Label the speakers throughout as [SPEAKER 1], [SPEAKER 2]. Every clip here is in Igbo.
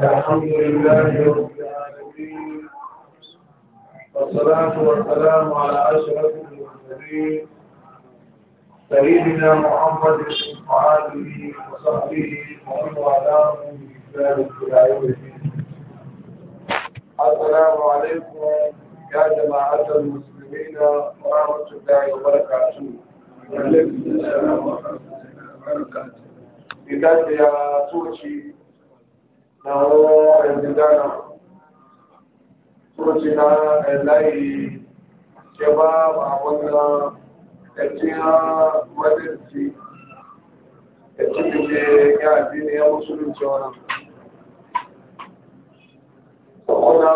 [SPEAKER 1] الحمد لله رب العالمين والصلاة والسلام على أشرف المرسلين سيدنا محمد وآله وصحبه ومن والاه بإسلام إلى يوم الدين السلام عليكم يا جماعة المسلمين ورحمة الله وبركاته وعليكم السلام ورحمة الله وبركاته idan da ya turci na aljidana turci na layi ke ba a wannan ƙarfiya majalci da cikin da ya addini ya musulunci wani sakuna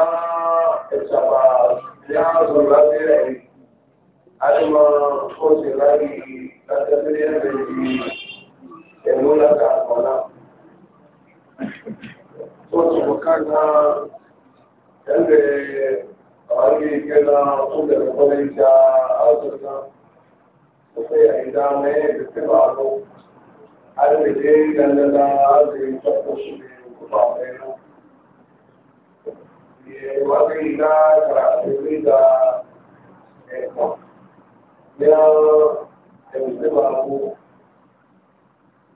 [SPEAKER 1] ƙarfafa ya zura tsere a ɗima ƙosin rari na da yadda ẹ̀múlẹ̀ àkọ́lá. Tó ti mú káàkà ẹgbẹ̀ ọ̀rẹ́ ìgbẹ́lá tó bẹ̀rẹ̀ kọ́lẹ̀ ìjà áàtùsá. Ó fẹ́ àìdá mẹ́rin ìgbẹ́ bá lọ. A lè dé dandanda láti tọ́pọ̀ sí ìgbà mẹ́rin. Ìwádìí ìdá kàràkì ìdá ẹ̀kọ́. Bí a ẹ̀mí sí bá lọ.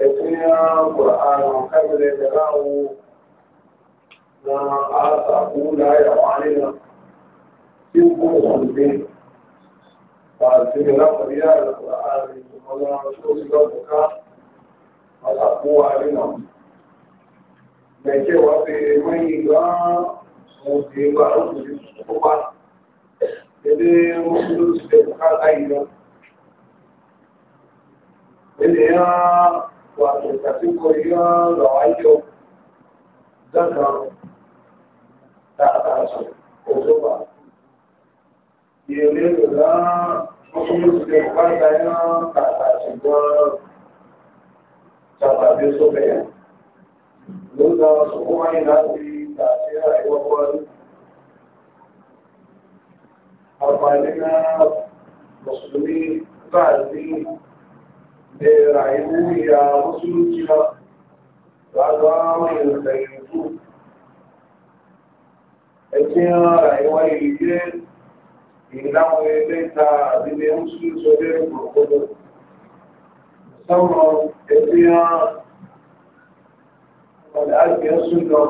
[SPEAKER 1] ya ƙura'ana kamar da rahu na arsa kula ya wani na cikin kuma ba su yi na ƙuriya da ƙura'ana kuma na so su ga buka a sakuwa ne na mai cewa fi mai ga mutu a rufu ne su kuma ɗaya mutu su ga buka ɗaya ne ya tu aplicación corrida lo ha hecho ya no está atrasado o eso va y el día de la no somos que falta en la casa sin cual chapar de eso vea no da su forma y la si la sea de lo cual al final los subir para el día rayu ya musulunci ba ba za mu yi rayu ẹ̀sìn rayuwa ìdílé ìdáhùn ilé ta àdílé musulunci ọdẹ ìgbòkòdò sọ́wọ́n ẹ̀sìn ọ̀dà àti ẹ̀sùn lọ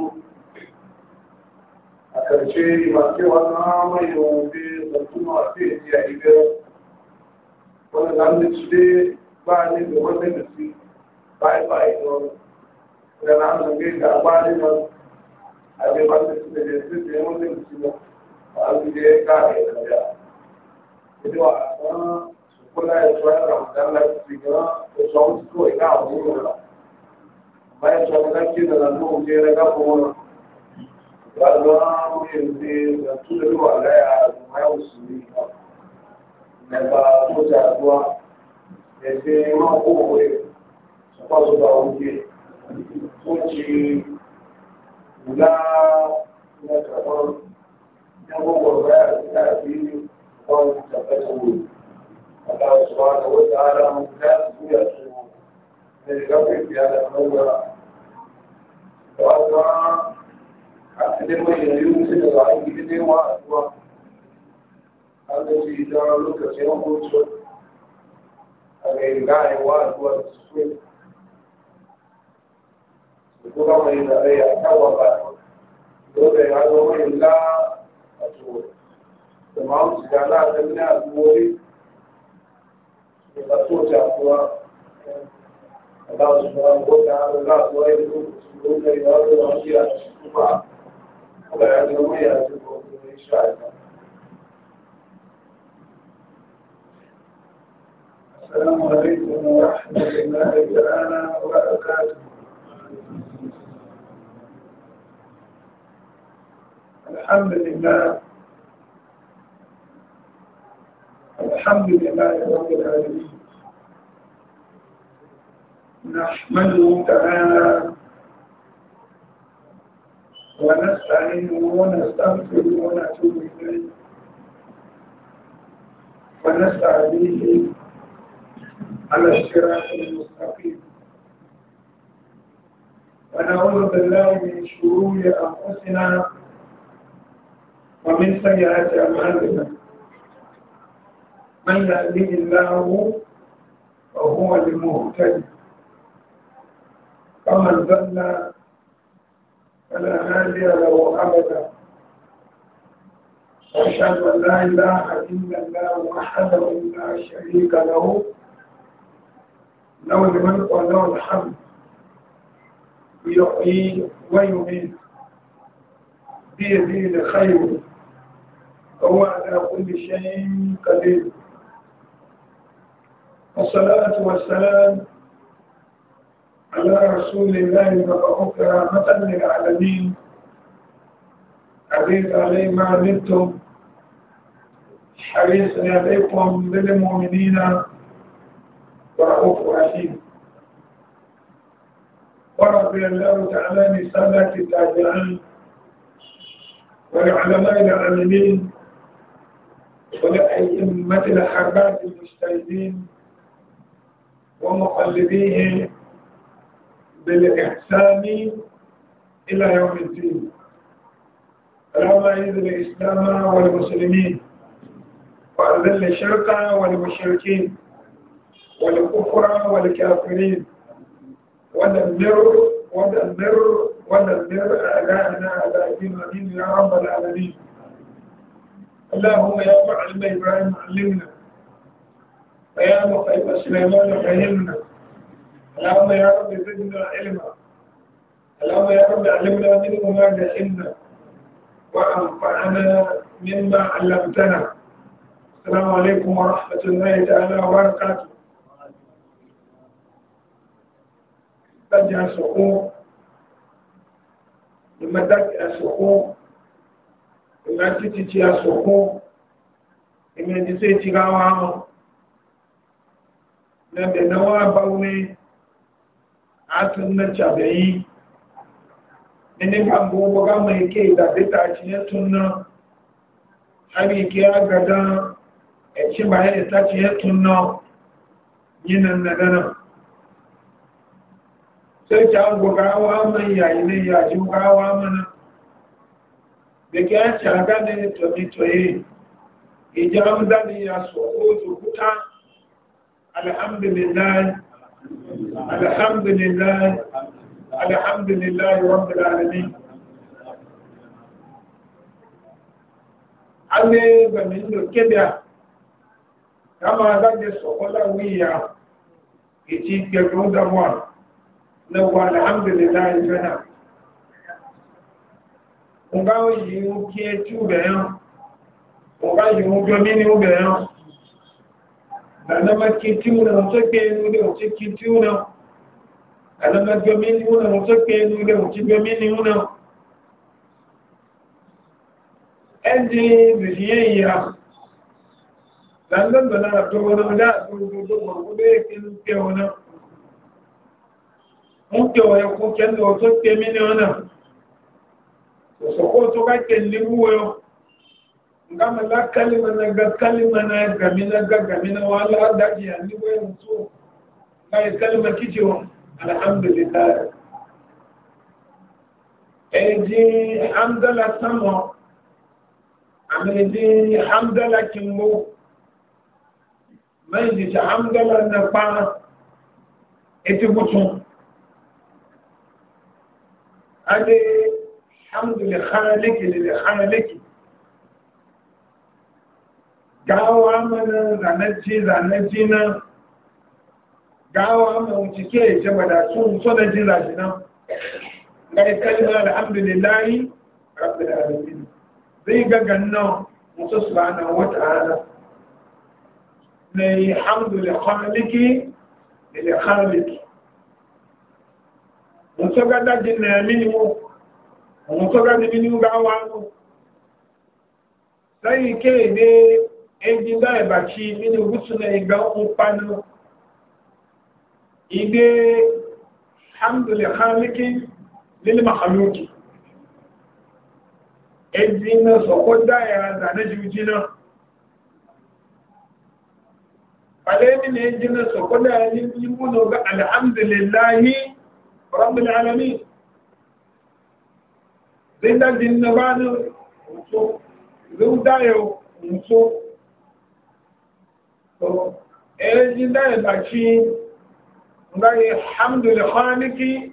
[SPEAKER 1] ní a ƙarshe ba cewa na mai yobe da kuma yi da wani lamdaci dai ba ne da wanda da su bai bai don da na zange da abali nan a bai ba su da jesu da yawan da su ba a su da ya kare da ya ita wa a kan su kula ya tsoya ramadan lafi ga da tsawon su kawai na abu ne ba bayan tsawon lafi da zanto wuce na gafa wani Gbàdúrà ń gbé ẹgbẹ́ tó lè wà láyà àdúgbò àwòsí ní ìgbà. Ẹ̀bà tó ṣe àdúrà, ẹ̀sẹ̀ Hadi mai yayin da za a yi gidan wa a zuwa. Hadi shi da lokacin hutu. A ga gaya wa a zuwa su kuma mai da rai a kan wata. Dole ya zo mai la a zuwa. Da ma'amci da na ta gina a zuwa يبطوش عفوا الله سبحانه وتعالى لا سوائل سلوك يوارد وعشيرة الشكوفة السلام عليكم ورحمة الله تعالى وبركاته الحمد لله الحمد لله رب العالمين نحمده تعالى ونستعينه ونستغفره ونتوب إليه ونستعينه على الصراط المستقيم ونعوذ بالله من شرور أنفسنا ومن سيئات أعمالنا من يهديه الله فهو المهتدي ومن ضل فلا هادي له أبدا وأشهد أن لا إله إلا الله وحده لا شريك له له الملك وله الحمد يحيي ويميت بيده الخير وهو على كل شيء قدير والصلاة والسلام على رسول الله فقفك رحمة للعالمين حديث علي ما عنتم حديث عليكم للمؤمنين ورؤوف رحيم ورضي الله تعالى نسالة التابعين ولعلماء العالمين ولأئمة الحربات المجتهدين ومقلديهم بالإحسان إلى يوم الدين اللهم أعز الإسلام والمسلمين وأذل الشرك والمشركين والكفر والكافرين ودمر ودمر ودمر أعداءنا على دين الدين يا رب العالمين اللهم يا معلم إبراهيم علمنا ويا مخيب سليمان فهمنا اللهم يا رب زدنا علما اللهم يا رب علمنا منه ما جهلنا وأنفعنا مما علمتنا السلام عليكم ورحمة الله تعالى وبركاته ترجع الصحوف لما ترجع الصحوف لما تتجي الصحوف لما تتجي الصحوف لما تتجي لما تتجي الصحوف atun na cabeyi nini ka boga mai ke da bita ci ne tunna abi ke agada e ci ba ne ta ci ne tunna yinan na dana sai ta boga wa mai yayi ne ya ji boga mana da ke an ci aga ne to ni to yi ijamu zani ya so ko to kuta alhamdulillah الحمد لله الحمد لله رب العالمين ale bami ndo kama adage sokola wiya iti gẹgbẹ da na wa alhamdulilayi fena nga yi o kie ti o bẹ yi o jọ mi alama kintuna mutokenu ile uchi kintuna alama gamini una mutokenu ile uchi gamini una endi biyeya landan bana to wona da to to mo be kin ke wona mute wa ko kendo to temini ona so ko to ka ken liwo gama la kalima na ga kalima na gami na ga gami na wala har daji ya ni wayan so kai kalima kicewa alhamdulillah eji hamdala samo ameji hamdala kimbo mai ji hamdala na pa eti butu ade hamdulillah khalik lil khalik gawa mana zanacci zanacci na gawa mana wuce ke ce ba da sun so da jin zashi nan ga ya kalma alhamdulillahi rabbil alamin zai ga ganna musu subhanahu wa ta'ala ne hamdul khaliqi lil khaliq musu ga da jin na minimu musu ga minimu gawa mu sai ke dai eji ndị anyị bachi mini wusu na iga mkpanu ide hamdul khaliki lil makhluki eji na sokko daya da na jujina ale ni ne eji na sokko daya ni yimu no ga alhamdulillahi rabbil alamin zinda din na banu so zuda yo so to eji da الحمد ci ngai hamdul khaliqi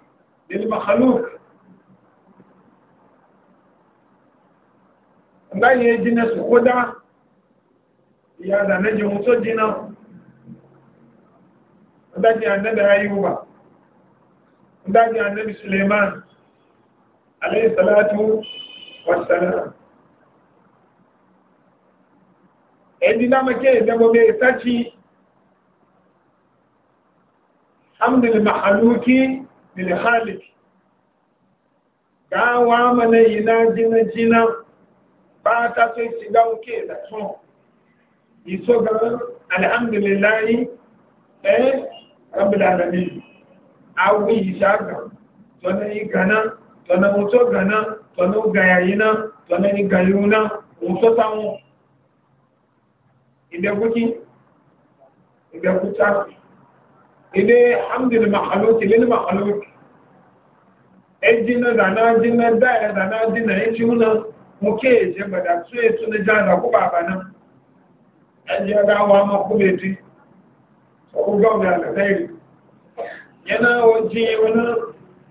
[SPEAKER 1] lil makhluq ngai eji na su koda ya da na ji mutu jina da ji annabi ayuba da ji annabi suleiman alayhi salatu wassalam edinamake edagobe tachi hamdu lmahaluki lilhalik gawa mana yina jina jina ba ta so shiga uke da son iso ga alhamdulillahi eh rabbil alamin awu ishaga tona igana tona muto gana tona ugayayina tona igayuna muto tawo ibekuki ibekuta ide hamdul makhluki lil makhluki ejina dana jina daira dana jina ejuna muke je bada su etu ne jana ku baba nan aje ga wa ma ku beti ku ga da alkhairi yana waje wani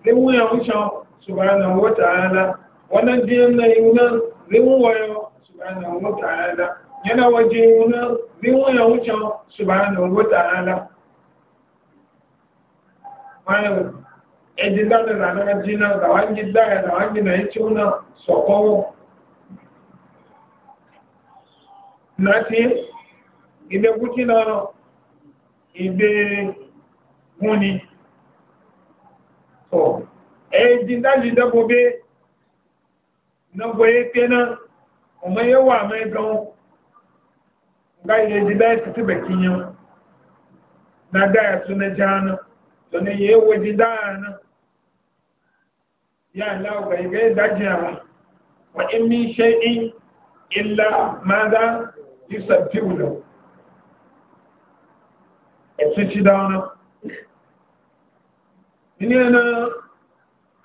[SPEAKER 1] limu ya wuce subhanahu wa ta'ala wannan jiyan na yuna limu wayo subhanahu wa ta'ala yana waje yana zinwaya wucin subhanahu wa ta'ala mana ejiza da zanaka jina da wangi daya da wangi na yace una sokowo nati ibe guti na ibe muni so ejinda jida bobe na goye kenan o mai yawa mai gan ga yi ji da fiti bakin yau na gaya su na jana to ne yi waje dana ya Allah ga yi ga dajiya wa in min shay'in illa ma za yusabbihu lahu ẹ̀sìnṣì dáwọn ní ẹ̀nà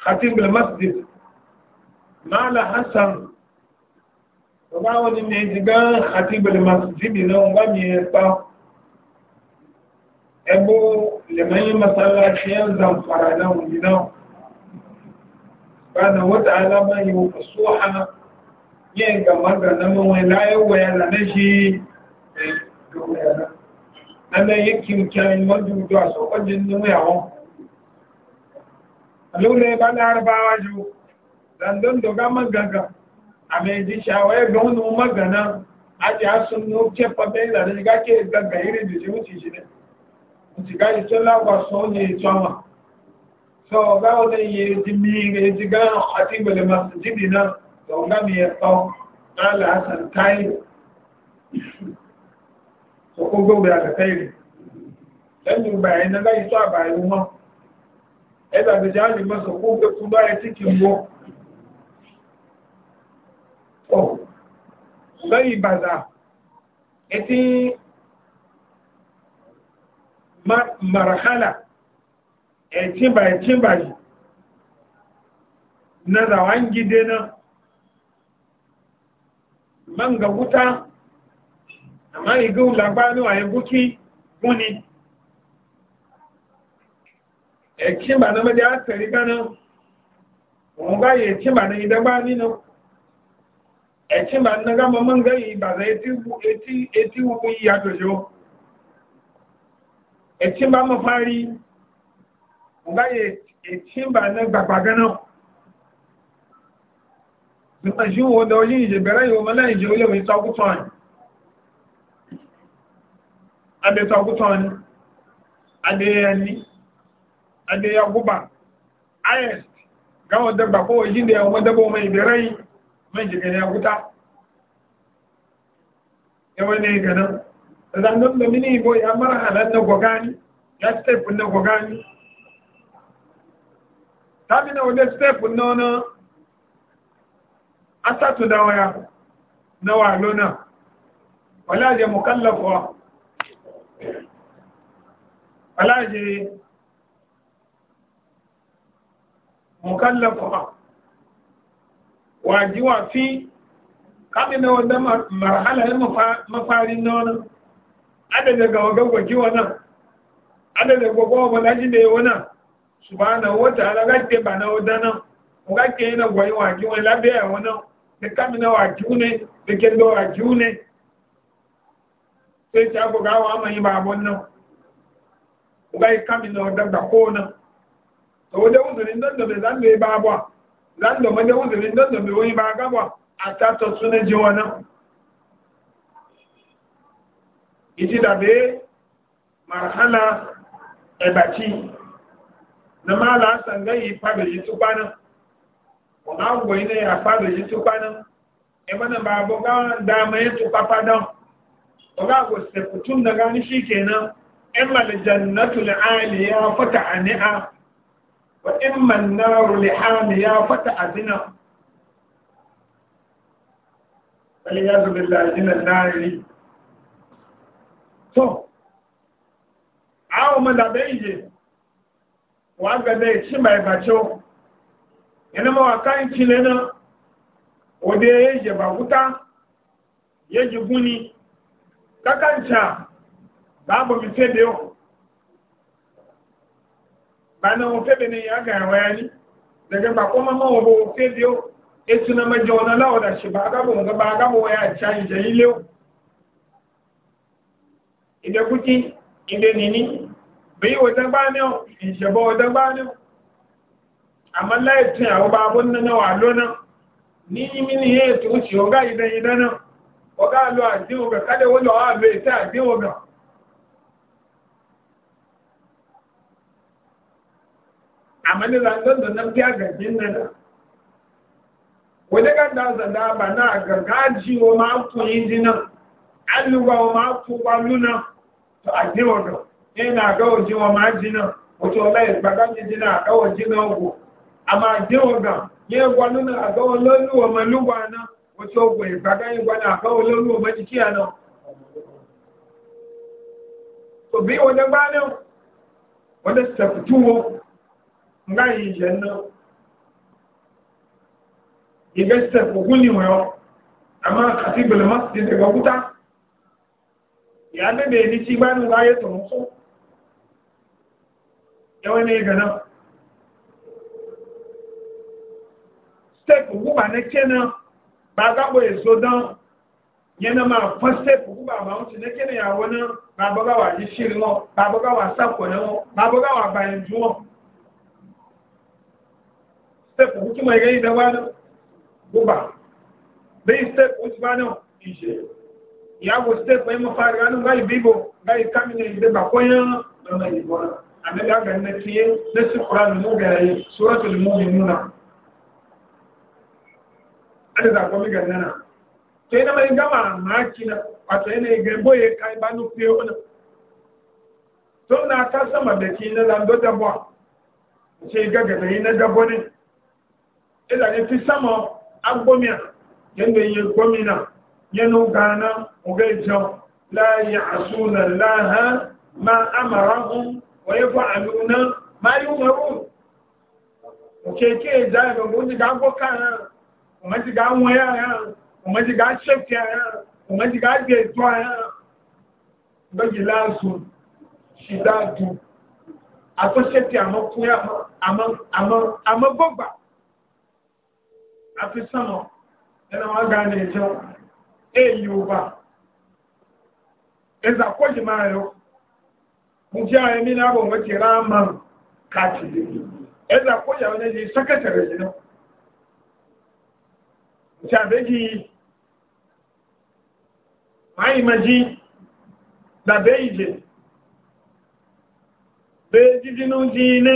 [SPEAKER 1] khatib al-masjid ma'ala hassan bàbá wọn ni ní ìdígbà àti ìbẹ̀lẹ̀ masjidi náà wọ́n mi pa ẹgbó lẹ́mọ̀nyí masallaci yan zamfara náà wọ́n mi náà bana wata alama yi wa kasuwa yin gama ga naman wani layan waya na na shi ga wayana ana yakin kyanin majudu a sokwajin numayawon a lura ya ba na harbawa ju dandon doga magaga amedi shawaye ga wani magana a ti a sun no ke fabe da ne ga ke gaga iri da ji wuce shi so ne ito ama so ga wani ye ji mi ga ji ga a ti gbele masu jibi na da wani mi ya tsawo na lasan tayi so ko gobe ìgbà yẹn náà láyé wọn ẹgbàgbèjì á lè mọ́ sọ kó gbé fún báyẹ̀ tí kì í Oh. Sai baza, eti marhala, eti ba eti ba na zawan gide na man ga wuta, amma igin labarin a yi buki guni. Eti ba na maji a tsari ganin, wọ́n bá na tí bà ninu. nínú ẹ̀tí bá nága mọ́mọ́ ǹgá yìí bàzá etí wùkú yìí yà tòjò ẹ̀tí bá mọ́ fárí ǹgá yìí ẹ̀tí bá ná gbàgbà gánà nípa ṣí wo dọ̀ yìí ìjẹ̀ bẹ̀rẹ̀ yìí wọ́n láì jẹ́ olè wọ́n ìtọ́ ọkútọ́ ni adẹ́tọ́ ọkútọ́ ni adẹ́yẹni adẹ́yẹgúbà ayẹ̀s gáwọn dẹ́gbà kó wọ́n yìí dẹ̀ wọ́n ìbẹ̀rẹ̀ yìí mai jigin ya wuta yawane ganan ran zanen da mini boy mara halan na gogani ya step na gogani bi na wani step na na asatu da waya na na wala je mukallafa wala je mukallafa wajiwa fi kaɗi na wanda marhala ya mafari na wani adada ga waga gwaji wani adada gwagwa wani ajin da ya wani su ba na wata ala gake ba na wata nan gake yana gwayi waki wani labiya ya wani da kami na waki ne da kendo waki ne sai ta ku gawa ama yi babon nan ugai kami na wata da kona to wajen wuzurin don da mai zan da ya babwa zan da wajen wuzurin don da mai wani ba gabwa atato suna ji wannan iti da be marhala ebati na mala sanga yi fabe yi tukwana wọn agwọ yi na ya fabe yi tukwana ebe na ba abu ga dama yi tukpapa don ọgá agwọ seputun da gani shi kenan in maljannatu li'aliya fata ani'a wa in mannaru li'aliya fata azina ẹ̀yẹ́dù bílá ìdínà láàrin tó àwọn ọmọ dàbẹ́ ìyè wọ́n gẹ̀dẹ̀ ìṣímà ìbàjọ́ ìnumọ̀ àkáyìn tí lẹ́nà òde yẹ̀bà wúta yẹ́jì gúnni kákàǹtà báàbọ̀ mi fẹ́ bẹ́ẹ̀ bá náà wọ́n fẹ́ bẹ́ẹ̀ ni yàgà ẹ̀wọ̀ ni lẹ́gbẹ̀ẹ́ bá mọ́mọ́ wọ́n bọ̀ fẹ́ bẹ́ẹ̀ etu na majo na lawo da shi ba ga mu ga ba ga mu ya chan je ile ide kuti ide nini bai wa da ba ne o in she ba da ba ne amma la etu ya ba na na ni mi ni he tu chi o ga ide ide na o ga lo adi o ga kade wo lo a be ta adi o ga amma ni ran wadda da zada ba na gargaji wa maku injinan alluwa wa maku kwalluna to a jiwaga yana ga waje wa majinan wato lai gbagan jijina a ga waje na ogo amma jiwaga ya gwalluna a ga walolu wa maluwa na wato ogo ya gbagan yi gwana a ga walolu wa majikiya na to bi wadda gbanin wadda tafi tuwo nga yi jenna ìgbésẹ̀ fògún níwẹ̀ ọ́ àmá àti ìgbèlè má ti dẹ̀gbọ́ kúta ìyá bèbè ní tí gbá nù láyé tòun tó ẹwẹ́ ní ìgbà náà step fògún bà ní kéna bá gbàgbọ́ èso dán yẹn náà máa fọ́n step fògún bà máa ń ti ní kéna ìyàwó náà bá bọ́gá wà yí ṣírí wọn bá bọ́gá wà sàpọ̀ náà wọn bá bọ́gá wà bàyànjú wọn step fògún kí mo ẹ̀rẹ́ ìdẹ́wà náà. gbogbo bẹ́ẹ̀ step ó ti bá náà ìṣe ìyàwó step ẹ̀ mọ́ fari ránú báyìí bíbò báyìí kámínà ìdẹ́gbà kọ́yán ndị ìbọn àmẹ́gà gẹ̀ẹ́nà tí yé lẹ́sìn kura nínú gẹ̀ẹ́ sórọ́tò ga mú mi nù náà. Adé dàgbọ́ mi ga náà. Tó na náà máa na pàtó yẹ náà gẹ̀ẹ́ na ká sọ̀mà bẹ̀ kí iná agbómià yadda yi gómìnà yanu gana ugaijọ láyé àṣúnà laha ma amara hun wáyé fún àlúna ma yi umaru òkèké ìjà ìgbàgbó ti ga gbọ́ká ara ọmọ ti ga wọ́n yá ara ọmọ ti ga ṣẹ́fẹ́ ara ọmọ ti ga gbé ètò ara lọ́jì láàzù ṣìdáàdù àtọ́ṣẹ́fẹ́ àmọ́ gbọ́gbà àti sánà ẹnà wọn gbà ní ẹjọ́ èyí ọba ẹzà kọjì máa yọ mo jẹ́ àwọn ẹni náà bọ̀ wọ́n ti rá máa káàkiri ẹzà kọjì àwọn ẹni sẹ́kẹ̀tẹ̀rì yìí náà ti àbẹ́jì máa yìí máa jí dàbẹ́ ìjẹ́ bẹ́ẹ̀ jíjínú jí ilé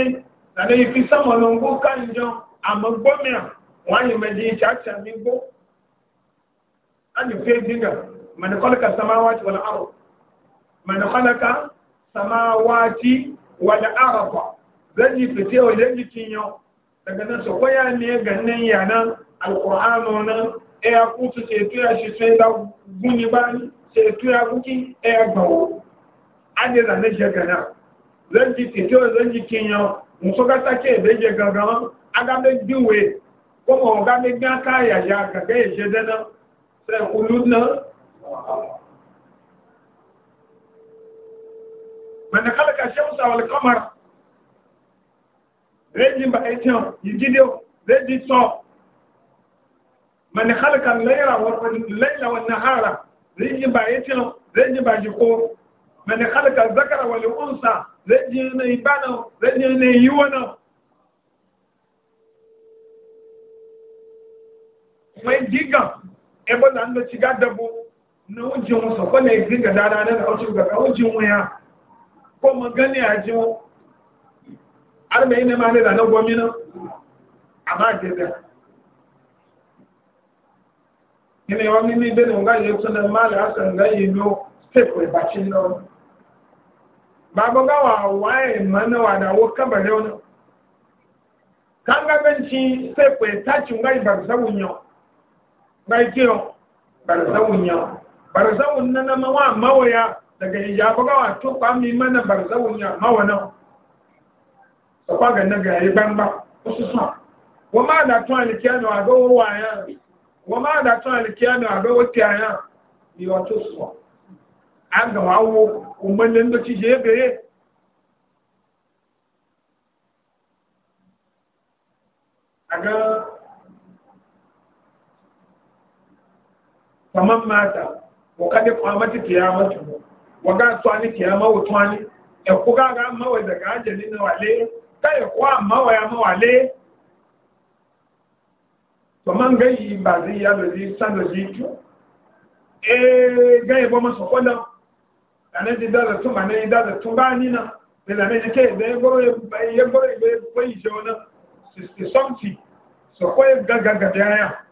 [SPEAKER 1] tàbí ìfisàmọ̀lọ́ngbó káàkiri àmọ́ wani maji caca min ko an fe dinga man khalaqa samawati wala ard man khalaqa samawati wal ard zaji fite wa zaji kinyo daga nan so koya ne gannan yanan alqur'ano na, e ya kutu se tu ya shi sai da guni bani se tu ya kuki e ya gbawo ade da ne shagana zaji fite wa zaji kinyo musoka take beje gagama aga be diwe kuma ga me ga ka ya ya ka ga je da na sai kulud na man khalaqa shamsa wal qamara reji ba etion yigide reji so man khalaqa al-layla wal-layla wan-nahara reji ba etion reji ba jiko man khalaqa al-dhakara wal-unsa reji na ibana reji na wọ́n gígan ẹgbọ́n náà lọ ti gádàbò na ó jí wọn na lè gígan na náà ó ya kó mọ gán na àjí wọn arìnrìn ní máa nílànà gbọmí náà mmiri àjẹbẹ nínú ìwọ́n ní ní ìbéèrè ńlá yìí tún lè má lè àṣà ńlá yìí ló tèkù ìbàtí lọ bàbá báwa wà ẹ̀ mọ́ náà wà kanga bakiyo barzawun yau barzawun na nama wa mawaya daga hijabu gawa to kwa mi mana barzawun ya mawana so kwa ga naga yi bamba ususa wa ma da to alikiya no aga wa ya wa ma da to alikiya no aga ya ni wato so an ga wawo umman nan da ci je aga faman mata wa kadi kwamati kiyamatu wa ga twani kiyama wa twani e ga ga mawa daga ajali na wale kai kwa mawa ya mawale faman gayi ba zai ya zai san da zai to e masa kwada ana ji da tun ba ne da ba ni na ne ke da ya goro ya goro ya bai jona 60 so ga ga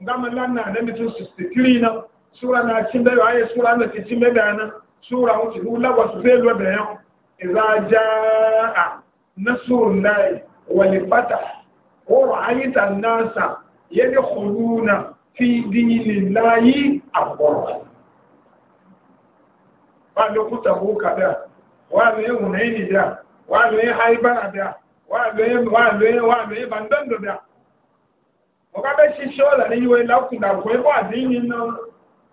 [SPEAKER 1] gama lanna da mutum 63 na sura na cin da ayi sura na cin bayo dana sura wuce hula wasu zai lo da yau idza jaa nasrullahi wal fatah wa ra'aita an-nasa yadkhuluna fi dinillahi afwara wa lokuta buka da wa ne da wa yi haibara da wa ne wa ne wa ne bandando da okabe shishola ne yiwe lakunda kwebo adini no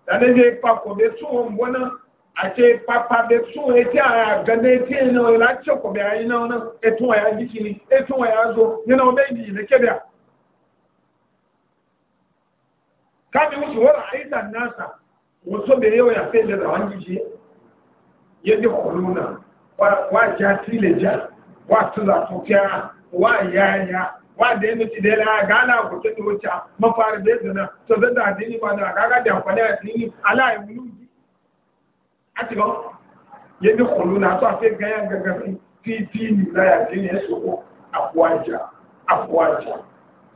[SPEAKER 1] dane je pako be suwo mbona ache papa be suwo eti aya gane eti no ila choko be ayi no no etu ya gikini etu ya zo ni no be ni ne kebia kami usu wala aita nasa woso be yo ya pende la wangiji yede koluna wa wa jatile ja wa tula tukia wa yaya wanda ya nuci dai ya gana kuce ta wuce mafari da zana to zan da dini ba na gaga da amfani a dini ala ya wuluji a cikin ya bi kulu na to a sai ganyen gaggafi fifi ni na ya dini ya soko afuwaja afuwaja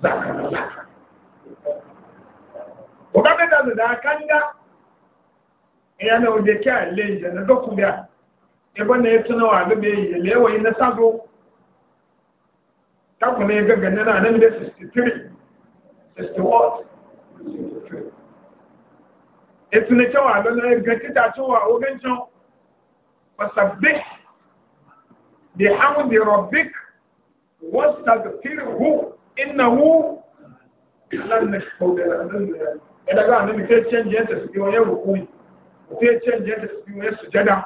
[SPEAKER 1] zaka na zaka ko ka da da kanga ya na uje kya lenje na ya ebe na ya tunawa ga bai yi lewa yi na sabo kakwa ne gangan na nan da 63 61 etu ne cewa don na ga ta cewa ogan can fasabbih bi hamdi rabbik wastaghfirhu innahu lan nashkuda nan canje ta su biyo ya rukuni ke canje ta su sujada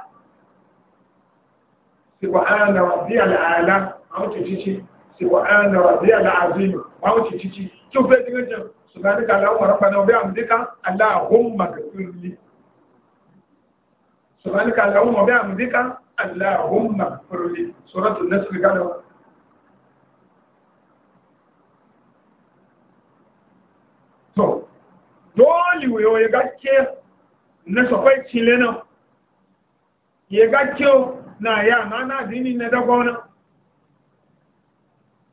[SPEAKER 1] subhana rabbiyal a'la a wuce cici. سبحان ربي العظيم ما هو تشيشي شوف بيت نجم سبحانك اللهم ربنا وبحمدك اللهم اغفر لي سبحانك اللهم وبحمدك اللهم اغفر لي سورة النسر قالوا to dole wo ya gaske na safai cile nan ya gaske na ya na na dini na dagona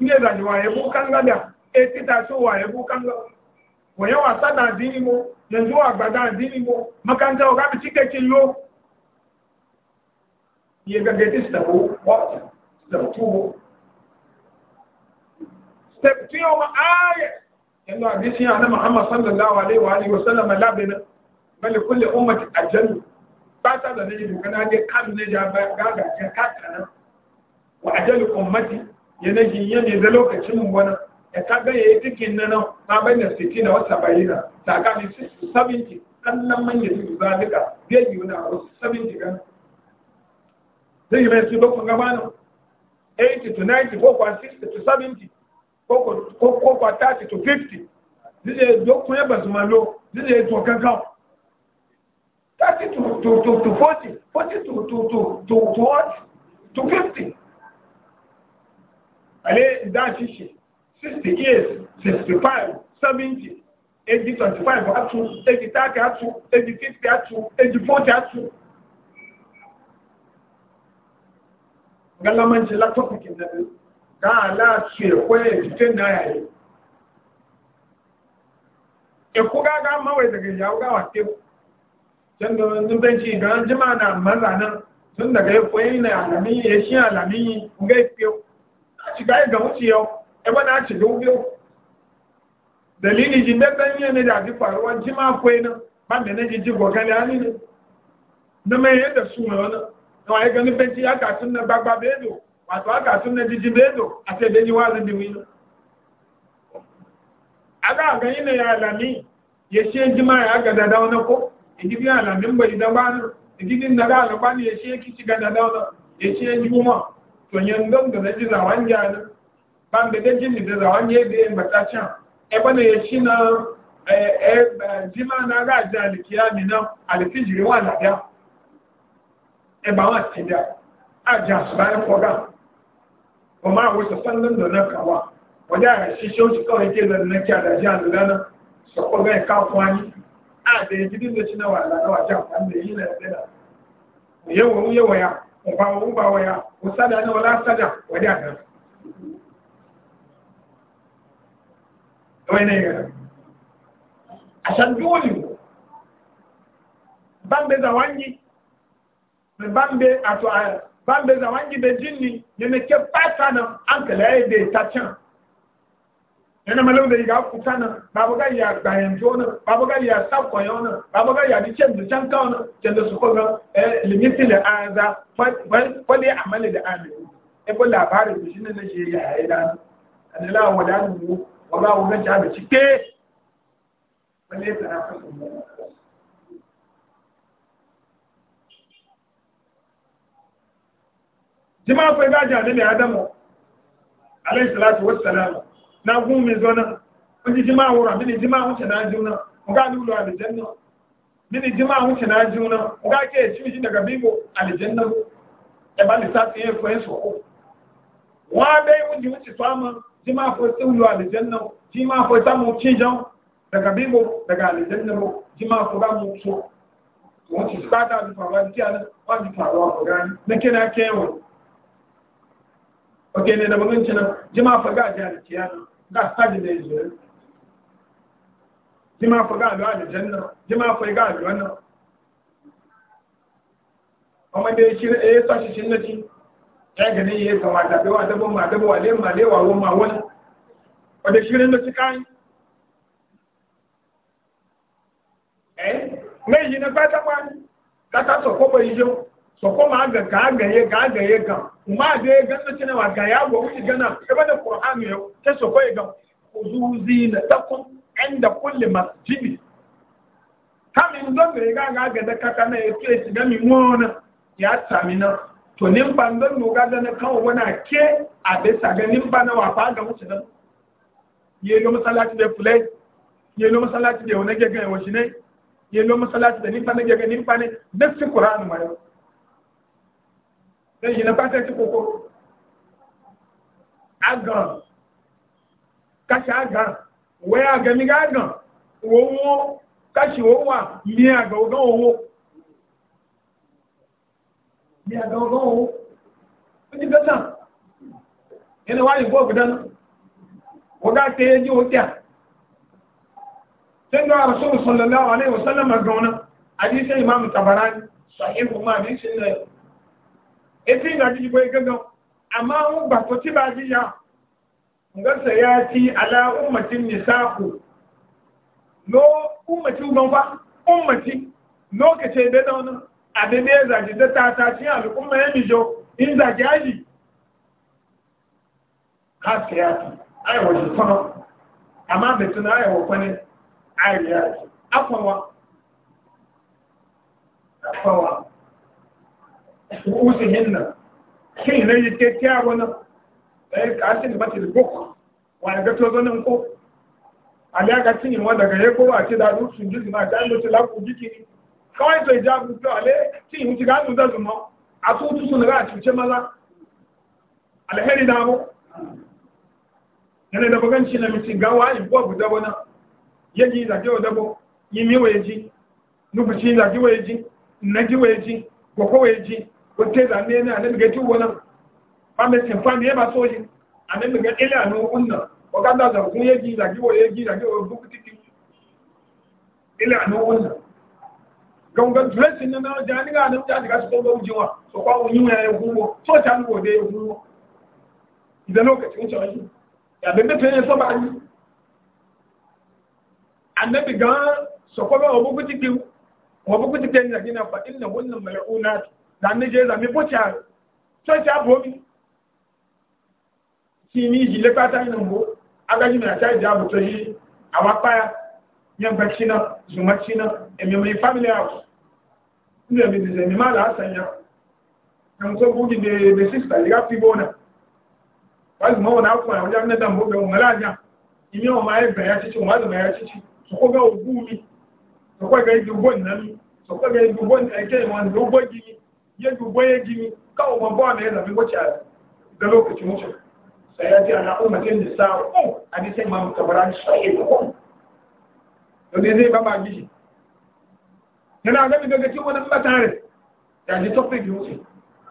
[SPEAKER 1] ndị ezaji wa ebu kanga bịa etita so wa ebu kanga wòye wa sada adini mo yanzu wa agbada adini mo makanta wa kabi cike kin lo iye gaga ti sabo wa sabo ah, tubo step tí o ma aaye yanzu a bisi ya muhammad sallallahu alaihi wa alihi wa sallam labina bali kulli ummati aljannu. ba ta da ne yi na je kan ne ja ga ga ka kana wa ajallu ummati yana jinye ne da lokacin wani ya kaga ya yi cikin na nan ta bayyana siti na wata bayyana tsakanin sabinci kallon manya su za duka zai yi wani abu sabinci gani zai yi mai su gaba nan 80 to 90 ko kwa 60 to 70 ko kwa 30 to 50 zai yi dokun ya basu malo zai yi to kankan 30 to 40 40 to 50 ale da shishi 60 years 65 70 age 25 atu age 30 atu age 50 atu age 40 atu galamanci la topikin na ka la su ekwe fitin na yayi ekwu ga ga mawai daga yawo ga wate can da zubanci ga jima na mazanin tun daga ekwe na alami ya shi alami ga ekwe ci ga ga wuce yau e na dalili ji dandan yi ne da ji ji ma da na ji ji gogani hali ne na mai yadda su mai wani na waye ganin ya na gbagba bedo wato a katun na jiji bedo a ebe beji wa zan a ga na ya alami ya she ji ma ya ga alaba ya ga dada ọnụ, e, ya e, e, ji to nyen dom da naji za wanja ne ban da gaji ni da za wanje da yin bata can e bana ya shi na e, e jima na ga ji alikiya mi nan alifijiri wa na ya e ba wa ti da a ja su bayan koga o ma wuce sannan da na kawa wajen a shi shi wuce kawai ke zan na kya da ji a lulana su koga ya kawo wani a da ya gidin da shi na wa lalawa jan wanda yi na yadda yawa yawa ya ọba owó bá wọ ya ọsádà ní ọlá sádà wọdí àná wọn yẹn yẹn asanduwoli bambe bambe ato bambe za wanji be ne ne ke pata na ankala ye de yana malau da ga kuta nan babu ga ya bayanto nan babu ga ya sakwayo nan babu ga ya di can da can kawo nan can da su ko ga limiti da aza fali amali da amali e ko labarin da shine na shiri a yayi dan Allah wa dan mu wa ba wa ga da cike balle ta na fasu jima fa ga da adamu alayhi salatu wassalamu na gun mi zona wani jima wura mini jima wuce na juna ga lulu aljanna mini jima wuce na juna ga ke shi shi daga bibo aljanna e ba lissafi ya koyi so wa dai wuce wuce fama jima ko tsulu aljanna jima ko samu cijan daga bibo daga aljanna jima ko ga mu so wọ́n ti sáádà ní pàwọ́ àti àná wọ́n ti pàwọ́ ọ̀gá ní kí náà kẹ́wọ̀n. ọ̀gẹ̀dẹ̀ ga saji ne zo jima fa ga lo aljanna jima fa ga lo wannan amma dai shi eh sashi shin nati ta ga ne yayi kamata da wa dabon ma dabon wale ma le wa ma wani wanda shirin da suka yi eh mai yi na fata kwani ka ta so ko bai yi jo sokɔ ma ga ka ga'ye ka agaye ga kuma agaye ga na wa ga ya go wuce gana kaba da qur'ani yau ta sokɔ ya ga uzuzi na takun inda kulli masjidi kami ndo ne ga ga ga da kaka na yato ya ga mi wona ya sami na to nin ban don no ga da na kawo wana ke a be saga nin ban na wa fa ga wuce da ye lo masallaci da fulai ye lo masallaci da wona ga ga wa shine ye lo masallaci da nin fa na ga nin fa ne da su qur'ani ma yau lẹ́yìn náà pàṣẹ tí kókó agàn kàṣà agàn wẹ́ agẹ̀mígá agàn owó kàṣì owó wà ní àgbà ọgán owó ní àgbà ọgán owó ó ti gbẹ́sàn ẹni wáyé bó ọ̀gbẹ́dá náà ọgá tẹ́yẹ ní ó tẹ́ à tẹ́jọ́ àrùsọ́rùsọ̀lọ́lá ọ̀lẹ́wọ̀sọ́lọ́mà gan-an àdíṣẹ́ ìmáàmù tàbárá sàyẹ́ máa ní sílẹ̀ ita yin gaji bai gagan amma mun ba to ci ba jiya ngasa ya ci ala ummatin nisaku lo ummati uban fa ummati lokace da da wannan abin da ya zaji da ta ta ci al'umma ya mijo in zaji aji ka siyasa ai wajen fama amma bai tuna ai wa kwani ai ya ci akwawa akwawa رؤوسهن shin zai yi tekiya wani ɗaya eh, ne mace da buk wani ga to zanen ko aliya ga cin yin wanda gare ko a ce da rutsun gizi ma ta yanzu la ku jiki ne kawai to ja bu to ale cin wuce ga tun zazu zuma a su tu sun ga cuce maza alheri da mu yana da baganci na mutum gawa in ko bu dabo na yaji da ke dabo yi mi waye ji nufashi da ki waye ji na ji waye ji ko ko waye ji ko te da ne na annabi ga ti wona ba me tin fa ne ba soji annabi ga ila no unna ko kan da ku ye ji da ki wo ye ji da ki wo bu ti ti ila no unna ga ga dressing na na ja ni ga na ja ga so ba uji wa so kwa unyi wa ye ku so ta ni wo de ye ku idan lokacin shi ya bebe fe ne so ba ni annabi ga so ko wo bu ti ki wo bu ti ti ni ga na fa inna hunna mal'unatu zanne je zami bocha cha bomi ti ni ji le pata ina mo agaji mi acha ja bo toyi awapa yan bakina zumachina emi mi family house ndu emi ze mi mala asanya kan e so bugi de de sister liga fi bona wali mo na ko na wajan da mo be ngala ja imi o ma e be ya chichi o ma ma ya chichi so ko ga ogu mi so ko ga e idu bon na mi so ko ga e idu bon e ke mo ndu bo gi ya goye gini kawo babba na ya zafi wacce ga lokacin mutu sai ya ji ana umarcin oh, da sa o a ji mamu tabaran sai ya ko don zai ba ba gishi yana ga daga cikin wani batare ya ji tofi bi wuce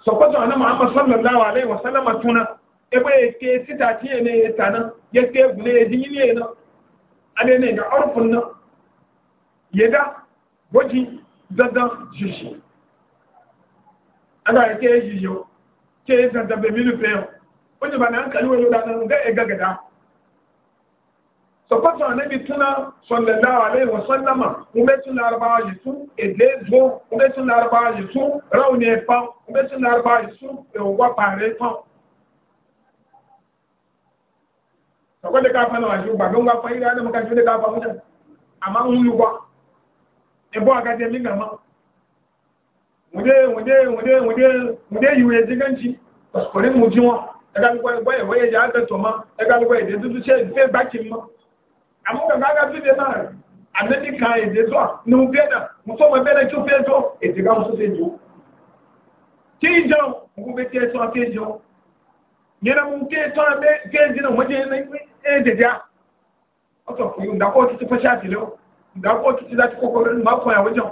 [SPEAKER 1] sokoto ana muhammad sallallahu alaihi wa sallam tuna ebe ya ke sita tiye ne ya tana ya ke gune ya jini ne na ne ga arfun ya da gwaji aga ke yi yo ke zanta be milu pe yo o ni bana hankali wo da nan ga e gagada so pato anabi tuna sallallahu alaihi wa sallama umbe tun larba yi tu edle zo umbe tun larba yi tu rauni e pa umbe tun larba yi tu e wa pare pa sọkọ́ lè ká fánà àṣíwò gbàgbé ń wá fún ìrìn àdàmọ́kájú lè ká fánà àmà ń lùwà ẹ̀bọ́ àgájẹ́ mígàmá mude mude èdè dúdú ṣe ìfẹ́ bákì mọ́ tó ní tó fẹ́ tó èdè ká tó fẹ́ kí ẹ tán kí n jẹun yẹnna mo kí ẹ tán abẹ kí ẹ jẹun mo jẹ ẹ dèjà ọ̀tọ̀ ìdàkọ̀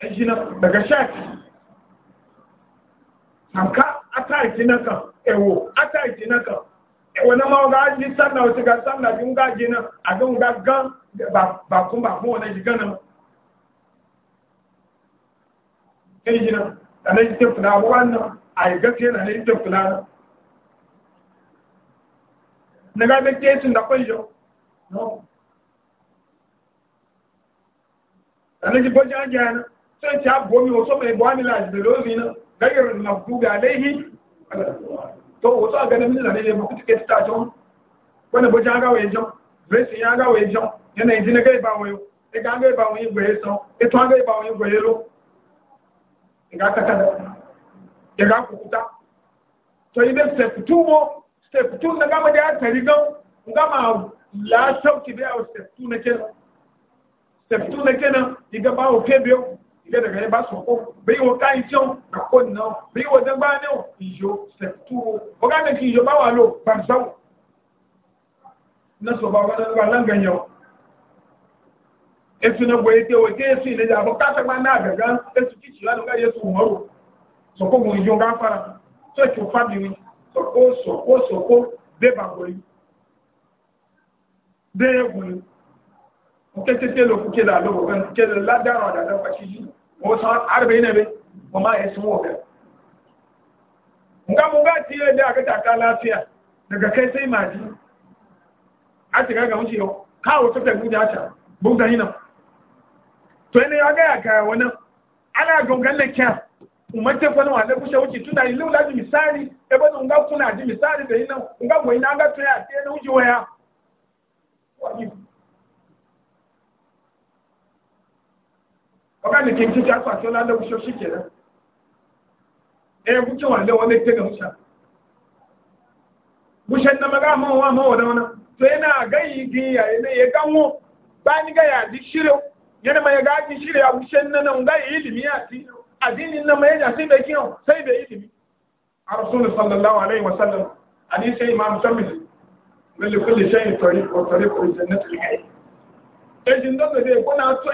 [SPEAKER 1] ẹjìnà daga shati hanka ata ijina kan ewo ata ijina kan ewu na ma ga sanna o sanna bi nga jina aga nga gan ba kun ba kun wona jigana ma Na ana ji tefula wannan ai na ne yi na ga be ke sun da kwayo no ana ji bojan jana sai ci abu gomi wasu mai buwani lajibelozi na gayar mafi ga laihi to wasu a ganin nila ne mafi cike ta jan wani bujin aga wa jan resi ya aga wa jan yana yi jini gai ba wayo ga aga ba wani gwaye san ito aga ba wani gwaye lo ka kata da ku kukuta to yi step 2 mo step 2 na gama da ya tari gan gama la sauki da ya step 2 na kenan step 2 na kenan iga ba o kebe idan daga ne ba su ko bai wa kai jau ka kon na bai wa dan ba ne ijo sektu o ga ne ijo ba wa lo ba zau na so ba wa dan ba lan ganyo esu na boye te o te su ne da ba ka ta ba na ga ga esu ti ci lan ga yesu umaru so ko mo ijo ga fara so ti fa bi wi so ko so ko so ko be ba boye de egun o ke tete la lo ko ke la daro da da musa arbe ne be kuma ya sun woga nga mun ga tiye da aka taka lafiya daga kai sai maji a tiga ga mushi yau kawo ta tagu da ta bugda hina to ne ya ga ya ga wannan ana gongan na kya umarce fana wa lafi shawuci tuna yi lula ji misali ebe na nga kuna ji misali da hina nga goyi na ga tuya a na wuce waya wakanda ke kici a kwace lalar wushar shi kenan eh wuce wanda wani ta ga wushar wushar na maga mawa mawa da wani to yana gayi giya ne ya ganwo ba ni ga ya ji shirin yana mai ga ji shirin ya wushar na nan ga ilimi ya ci na mai ya sai bai kiyan sai bai a rasulun sallallahu alaihi Sallallahu wa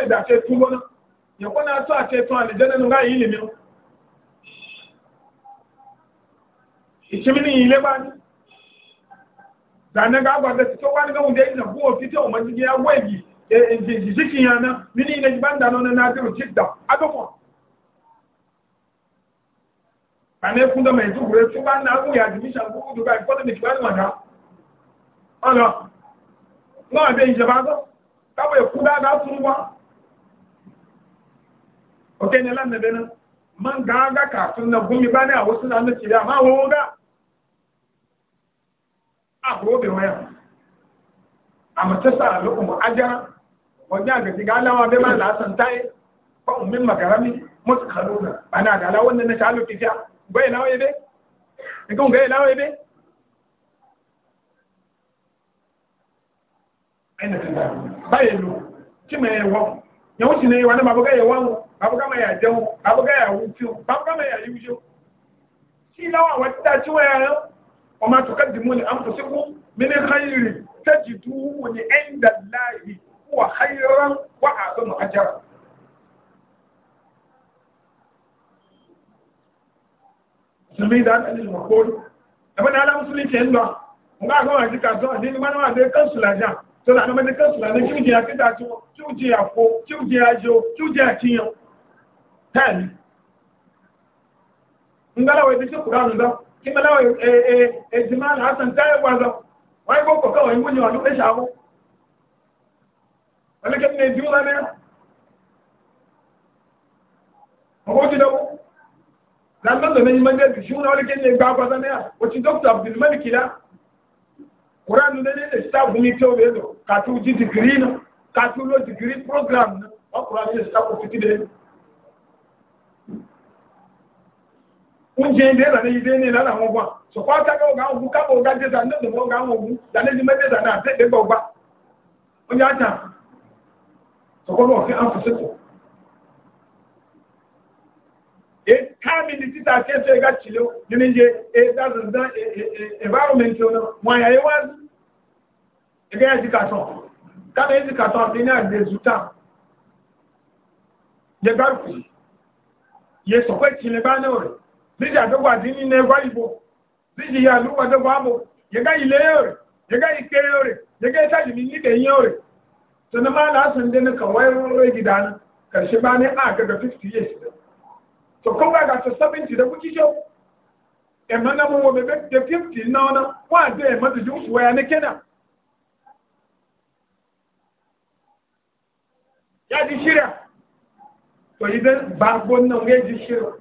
[SPEAKER 1] da zai na yẹ̀kọ́ náà tó àti ẹ̀tọ́ àlìjẹ́ nínú ráyì yìí lèmi o ìsinmi ní ilé bá ní zanaga agbada ti tó wá nígbà wùdí ẹ̀yìn nàbú òfin tí ọmọ jíjẹ awọ èyí ìjìjìkì yẹn náà nínú ilé ìgbà ń dáná náà dúró jí dà adókọ̀ kàní ẹkún dọ́mọ̀ ètò ìwúrẹ́ tó bá ń náà wúyà jù níṣà gbogbo dùgbà ìfọ́dún ìjìbá ní ọ̀nà náà bẹ ìjọba gbọ́ káwọ̀ èkú dáadáa fún wa oke ne lan da man ga ga kafin gumi ba a wasu na nuci ma wawo ga a gobe waya a mace sa a ga alawa bai ma lasan tayi ba umin makarami musu kaluna ba na ga alawa wannan na shalo ki ja gwai lawa ebe nkan gwai lawa ya yi wa yawon babu kama ya jawo babu ka ya wuce babu kama ya yushe shi lawa wata ci waya nan wa ma tuqaddimu li anfusikum min khairin tajiduhu ni inda allahi huwa khairan wa a'zamu ajra musulmi da aka nil makon da bada ala musulunci yin ba mun ga gama jika zuwa dini mana wa zai kan sulaja to da na mai kan sulaja cikin jiya kita ciwo ciwo jiya ko ciwo jiya jo ciwo jiya ciyo ten ngalawa ebi si kuran zɔ kimalawa e ezima na asan taya gba zɔ wɔn ebo kɔkɔ wɔn ebo nyɔnu esi abo wɔn kɛ tina edimu lana ya ɔwɔ ti dɛ wo na ndo ndo n'enyima ndé bisimu na wɔn kɛ tina egba akɔ lana ya wɔti dɔkita abdulmalik la kuran ne ne ne sita bumi tɛ o do ka t'u digiri na ka t'u lo digiri program na ɔkuran ne sita ko fitiri de. oúnjẹ a ìlànà ilé ní ìlànà àwọn ọgbà ṣùgbọ́n àtàkà ọgá ndị kápò ọgá jẹta ní ọdún ọgá àwọn ogun lànàjì mẹ́tẹ̀ẹ̀ta náà àtẹ́gbẹ́gbẹ́ ọgbà oúnjẹ àtà ṣùgbọ́n náà fẹ́ àfọ̀sẹ́kọ̀. e e environment Ye ziji adogwa dini na egwa igbo ziji ya alụwa abụ yega ile ya ore yega ike ya ore yega ita ya ni da ore to na mala asan dene ka wayar wani gida karshe ba ah, a ga 50 years da to ga ga 70 da kuci jau eme na mu de 50 na ona e na kena ya to ba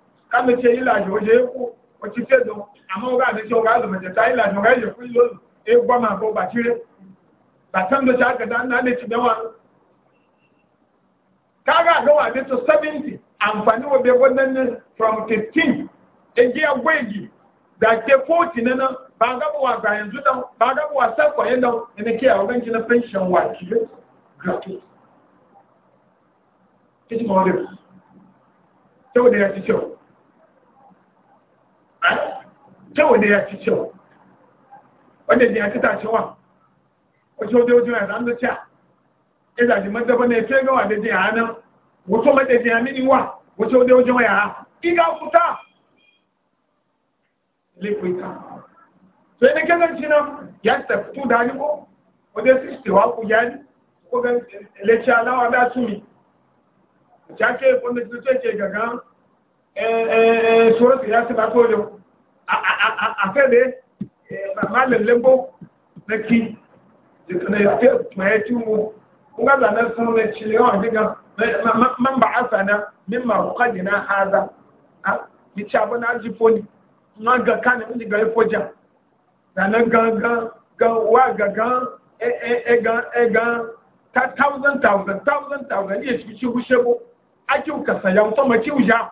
[SPEAKER 1] kámi ṣe ìlànà oúnjẹ èkó ọtí tẹ̀dọ̀ àmọ́ ọgá àti ṣe ọgá àlùmọ̀jẹ̀ ta ìlànà ọgá ìyẹ̀ fún ìlú máa bọ́ bàtírẹ́ bàtán ṣe àgàdá ńlá lè ti bẹ́wà. kára àgọ́wà àti tó seventy àǹfààní wo bẹ́ẹ̀ wọ́n nẹ́ni from fifteen èyí ẹgbọ́ èyí dàgbé forty nínú bàgá wà gbàyàn tó dán wà sẹ́kọ̀ọ́ yẹn dán ẹni kí àwọn bẹ́ńkì náà pension wà kiri gratuit. títí mọ́ ọ́ dẹ̀ tó o dẹ̀ ti ṣe o. kyau ne ya ci kyau wanda ya ci tashewa wasu wajen wajen ya zan zuciya ya zaji mazaba ne sai gawa da jiya hannun wasu mai da jiya mini wa wasu wajen wajen ya iga kuta likuita so yana kazan shi nan ya ta fito da hannu ko wajen sistewa ku ya ni ko ga lecce alawa da su mi ta ce wanda ta ce gaga surat ya ci ba sojo a fe ne malin limbo na ki na yafe mai tumu kun ga zanen sun ne ci yawan diga man ba asa na min ma hukadi na haza ni ci abu na ji foni na ga kanin ni ga na zanen gangan gan wa ga gan e gan e, e gan e ta thousand thousand thousand thousand iya shi shi gushe bo ake ukasa ya musamman ki uja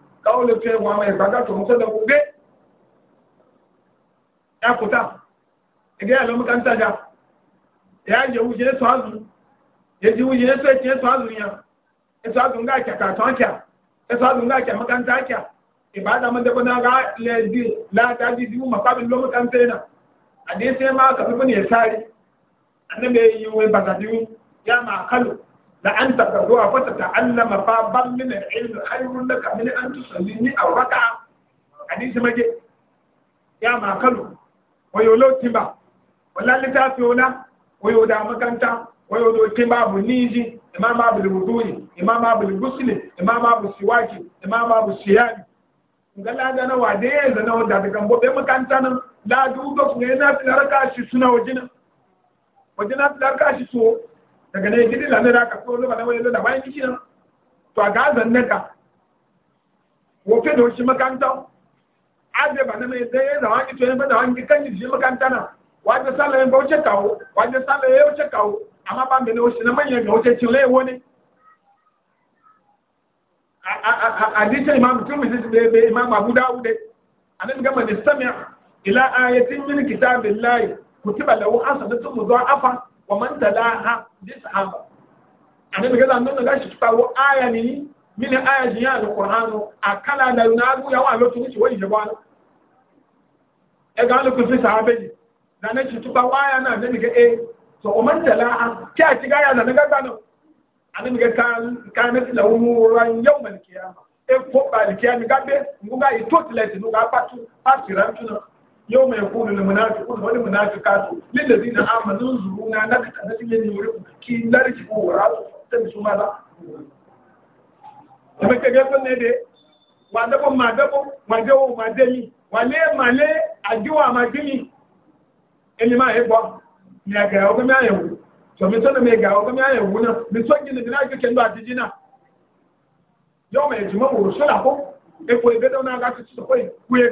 [SPEAKER 1] káwọn lè fi ẹwà àwọn ìgbàgbà tó ń sọ́dọ̀ gbé ẹkùtà ẹgbẹ́ ya ń ya ẹ̀yà ìyẹ̀wù jẹ́ ètò àzù yẹ̀dì wù jẹ́ ètò ẹ̀tì ètò yẹn ètò àzù ń gá àkà kàtọ́ àkà ètò àzù ń gá àkà mọ́ká ń ta àkà ìbáda mọ́tẹ́kọ́ náà rà lẹ́ẹ̀dì ìdíwù náà àdéhùn máa sáré máa لأن تقرأ فتتعلم بابا من العلم خير لك من أن تصليني أو ركعة حديث ما جاء يا ما قالوا ويولو تبا ولا لتافيونا ويودا مكانتا ويودو تبا بنيجي إمام أبو الوضوء إمام أبو الغسل إمام أبو السواك إمام أبو السيان ga lada na wade yanzu na wadda daga bobe makanta nan ladu ga kuma yana filar kashi suna wajina wajina filar kashi so daga ne gidi la da ka so loba da wani lola bayan kishi nan to a gazan ne ka wo fe do shi makanta a be ba ne mai da ya zawa ki ba da wani kan shi makanta na waje sala ya bauce kawo waje sala ya wuce kawo amma ba da ne wuce na manyan ga wuce cin laiwo ne a dicin imam tun mutum bai imam abu da wude a nan gama da sami'a ila ayatin min kitabillahi kutiba mu zuwa afan ومن تلاها دي صحابة a بقول أنه نغاش تتاو آية ني من آية جيان القرآن أكلا دا ينادو يوا لوتو نشي وي جبانا إذا لكم في صحابة da na na na ga eh to umman tala'a na ga gano anan ga kan kan la umuran yawmal qiyamah e ko ba ni ga be ngu ga i tot lati ga yau mai kudu da munafiqun wani munafiqatu lillazina amanu zuruna nakata da cikin yuriku ki larji ko warasu tabi su maza kuma ke ga sunne de wa dabo ma dabo ma dawo ma dali wale male ajiwa ni aga o ko mi ndị to mi sona mi ga o na mi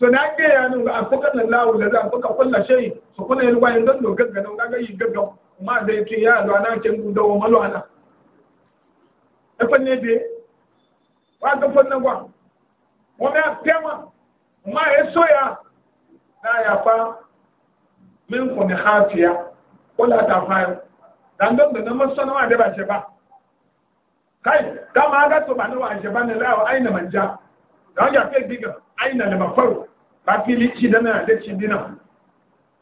[SPEAKER 1] to na ke ya nu a fuka na lawo da za fuka kulla shay so kuna yin wayin dan do gagga nan gaga yi gagga ma da yake ya do ana ke mu do malo ana e fanne be wa ga fanne gwa wa ga tema ma e soya da ya fa min kun hafiya wala ta fa dan don da na masanawa da ba ce ba kai kama ga to ba na wa je ba ne lawo aina manja dan ya fe diga aina lamafau rafili ci dana da ci dina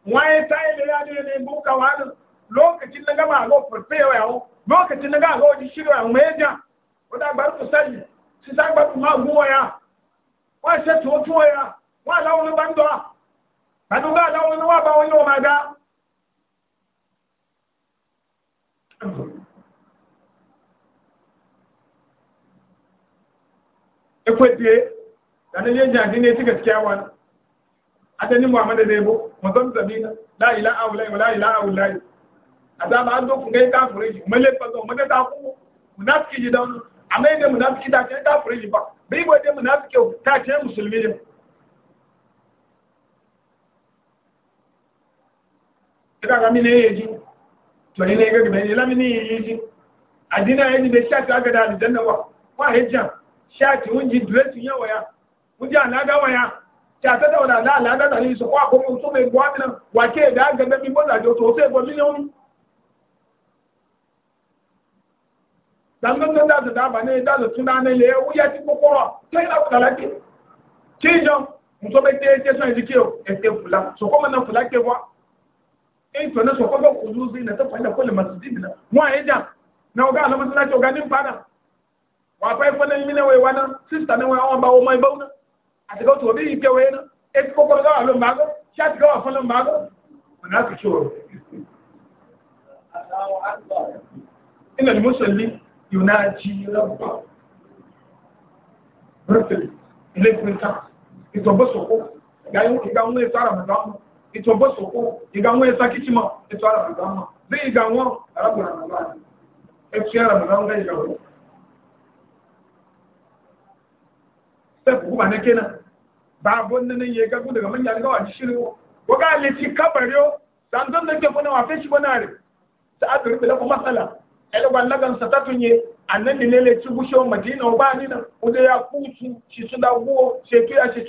[SPEAKER 1] waye ta yi da ya ne buka wani lokacin na gama alo farfe yawo lokacin na gama alo di shiro yawo mai ja wadda gbar ku sanyi si sa gbar ma guwa ya wa se tuwo tuwo ya wa lawo ni bando a kadu ga lawo ni wa ba wani ma ga ekwe die kana je jadi ne tiga kyawan atani muhammad bo yabo zabina la ilaha illa wa la ilaha illa ba an doku ngai ka fureji male fazo mata ta ku munafiki ji dawo amma idan munafiki da kai ka fureji ba bai go da munafiki ta ce musulmi ne ita ga mine yaji to ni ne ga ga ne la mine yaji adina yaji da shati ga da aljanna wa wa hijja shati unji dressing yawa ya mun al'ada waya ta ta da wala al'ada kwa ko mun so mai gwa mina wa ke da ga da mi bola jo to sai go ni on dan nan da da ba ne da da tuna ne le u ya ti kokoro kai la kala ke ki jo mun so be te te so izike o e te fula so ko mana na so ko na ta falla na ga alamasalaci àtìkọ́ tó bí ìkẹwé náà ètò kọ́kọ́ lọ́wọ́ ló ń bá gọ́ ṣé àtìkọ́ wà fún ló ń bá gọ́ ọ̀nà àti ṣòro. ilẹ̀ ni mùsùlùmí yóò náà jí lọ́pọ̀ rẹ́pẹ̀lì ilé ìpínká ìtọ̀bọ̀sọ̀kọ́ ìgbà wọn ètò àràmàdàmọ́ ìtọ̀bọ̀sọ̀kọ́ ìgbà wọn ètò akítímọ̀ ètò àràmàdàmọ́ bí ìgbà wọn àràmàdàmọ́ ètò sai ku na kenan babun nan ya ga daga manyan gawa shirwo waga le ci kabariyo dan dan nan ke fona wa feshi bonare ta adru bila ku masala ele walla gan sa tatunye annan ne le ci busho madina ba ni na ude ya kutu ci su da guo ce to ya ci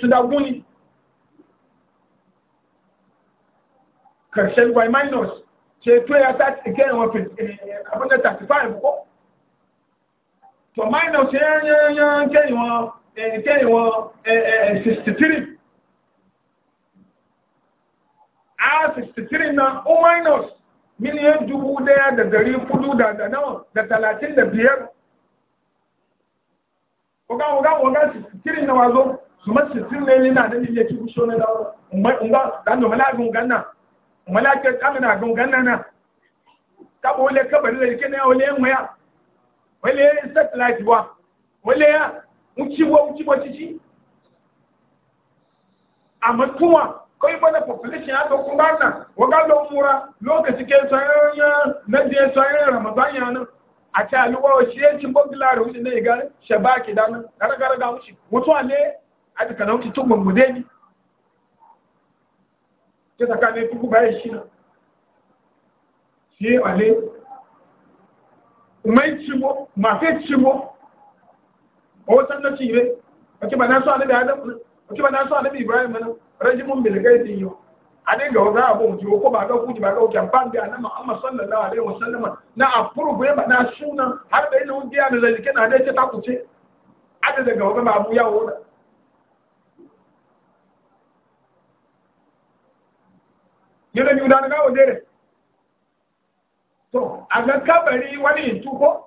[SPEAKER 1] minus ce to ya ta ke wa fit abin da 35 to minus ya ya ya ke wa ẹnikẹ́ni wọn sixty three a sixty three na o minus miliyan dubu ɗaya da dari kudu da da nawa da talatin da biyar oga oga oga sixty three na wazo kuma sixty ne ni na da ni yake kusho na dawo nga da no mala gungan na mala ke na gungan ganna na ka bole kabari da yake ne wale mu ya ole satellite wa wale ya ukiwa ukiwa A amatuwa kai bana population ya wa ga waga mura lokaci ke tsayanya na je tsayan ramadan ya nan a ta luwa wa shi yancin bangladesh wuce ne ga shabaki da nan gara gara ga wuce mutuwa ne a duka na wuce tun gungude ni. ke tsakanin tuku bayan shi na shi ale mai cibo mafi cibo o san na cire kake ba na so annabi adam kake ba na so annabi ibrahim nan rajimun bil ghaidi yo ade ga wa abu mu ko ba ga kuji ba ga ku kan bi annabi muhammad sallallahu alaihi wasallam na afuru go ba na suna har da ina undiya da zalike na dai ta kuce ade daga wa ba abu yawo da yana ni udan ga wadere to aga kabari wani tuko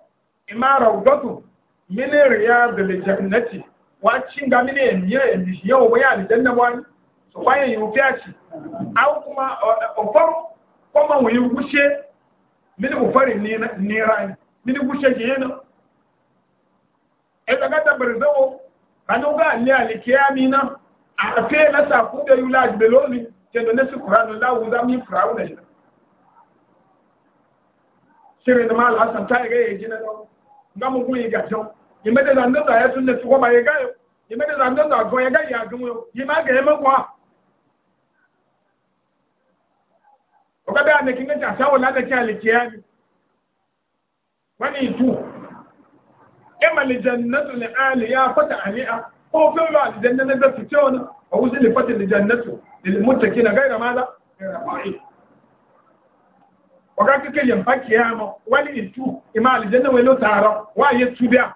[SPEAKER 1] imara udatu mini riya da lijannati wa cin ga mini emiye emishi yau waya lijanna wani so waye yi wufiya ci au kuma ofar kuma wuyi gushe mini ofari ni rai mini gushe ke yana e daga ta barzawo kanu ga ali ali kiyami na a fe na sa ku da yula beloni ke do nesi qur'anu la wuza mi firauna ina shirin da mal hasan ta ga yi jina ga mu guyi ga jau yìí da zan da ya sun da su kuma ya ga yìí da zan da za ya ga ya dun yo yìí ma ga ya makwa o ka da ne kin ga ta wala da ta liki ya ni wani tu kama li jannatu li aliya fata aliya ko fi ba li jannatu da fitona a wuzi li fata li jannatu lil muttaqina ghayra madha ghayra fa'i wakati ke yampa kiyama wali itu ima aljanna welo tara wa yetu bia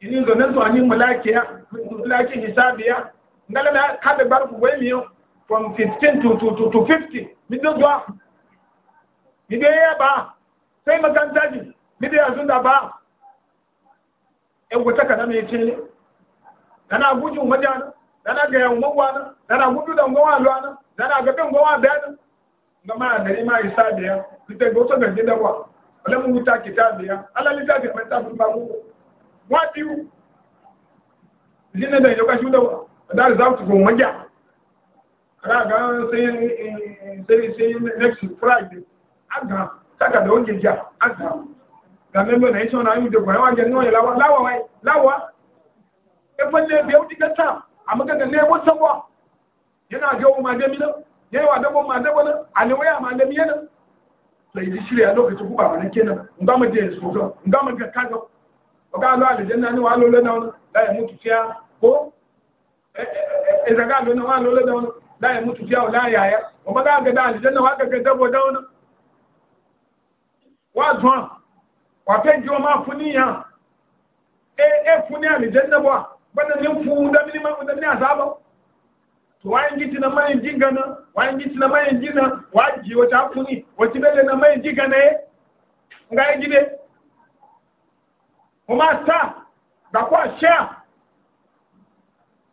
[SPEAKER 1] ini ga nan zuwa ni mulaki hisabi ya ngala na kabe bar ku wai miyo from 15 to to to 50 mi do zuwa mi de ya ba sai makanta ji mi de azun da ba e wata kana mi ce kana guju madan kana ga yan mawana kana gudu da mawa lwana kana ga kan mawa bayan ngama da ni ma hisabiya kite go to ga gidawa wala mun ta kitabiya ala litabi mai ta ba mu wabiyu jina da yau kashi da da za su gon wanja kada ga sai sai sai next friday aga taka da wanje ja aga ga member na yaso na yi da gwawa ga no lawa lawa wai lawa e falle biyo diga ta amma ga ne bo yana ga ma da mina yayi wa bo ma da bona alwaya ma shirya lokacin ba ga kaga ọ̀gá lọ àlìjẹ́nà ní wà ló lọ́nà láyé mú tùfí á kó ẹ̀ẹ́dẹ̀gá lọ́nà wà ló lọ́nà láyé mú tùfí á ò láyé àyà ọmọdé àgẹ̀dẹ̀ àlìjẹ́nà wà gẹ̀gẹ̀ dẹ́bọ̀ dáwọn wà dùn wà fẹ́ jí ọmọ fún níyàn ẹ fún ní àlìjẹ́nà bọ̀ bọ́nà ní fún dámínì máa fún dámínì àsábọ̀ to wayan giti na mayan jingana wayan giti na mayan jina waji wata funi wata bele na mayan jigana ya ga gide umata da kwa sha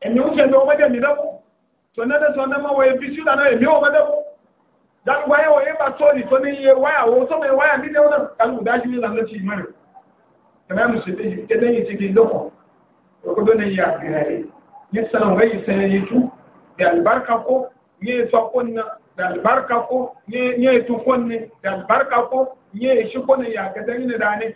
[SPEAKER 1] emi uche ndo wede mi dabo to nade to nama we bisu da na emi o wede bo dan waye o yeba to ni to ni ye waya o to me waya ni ne ona kan u daji ni lan ti mare kama mu sebe ke dan yiti ki loko ko do ne ya gire ni sanan waye sai ni tu da albarka ko ni so konna da albarka ko ni ni tu konni da albarka ko ni shi konni ya ga dan ni da ne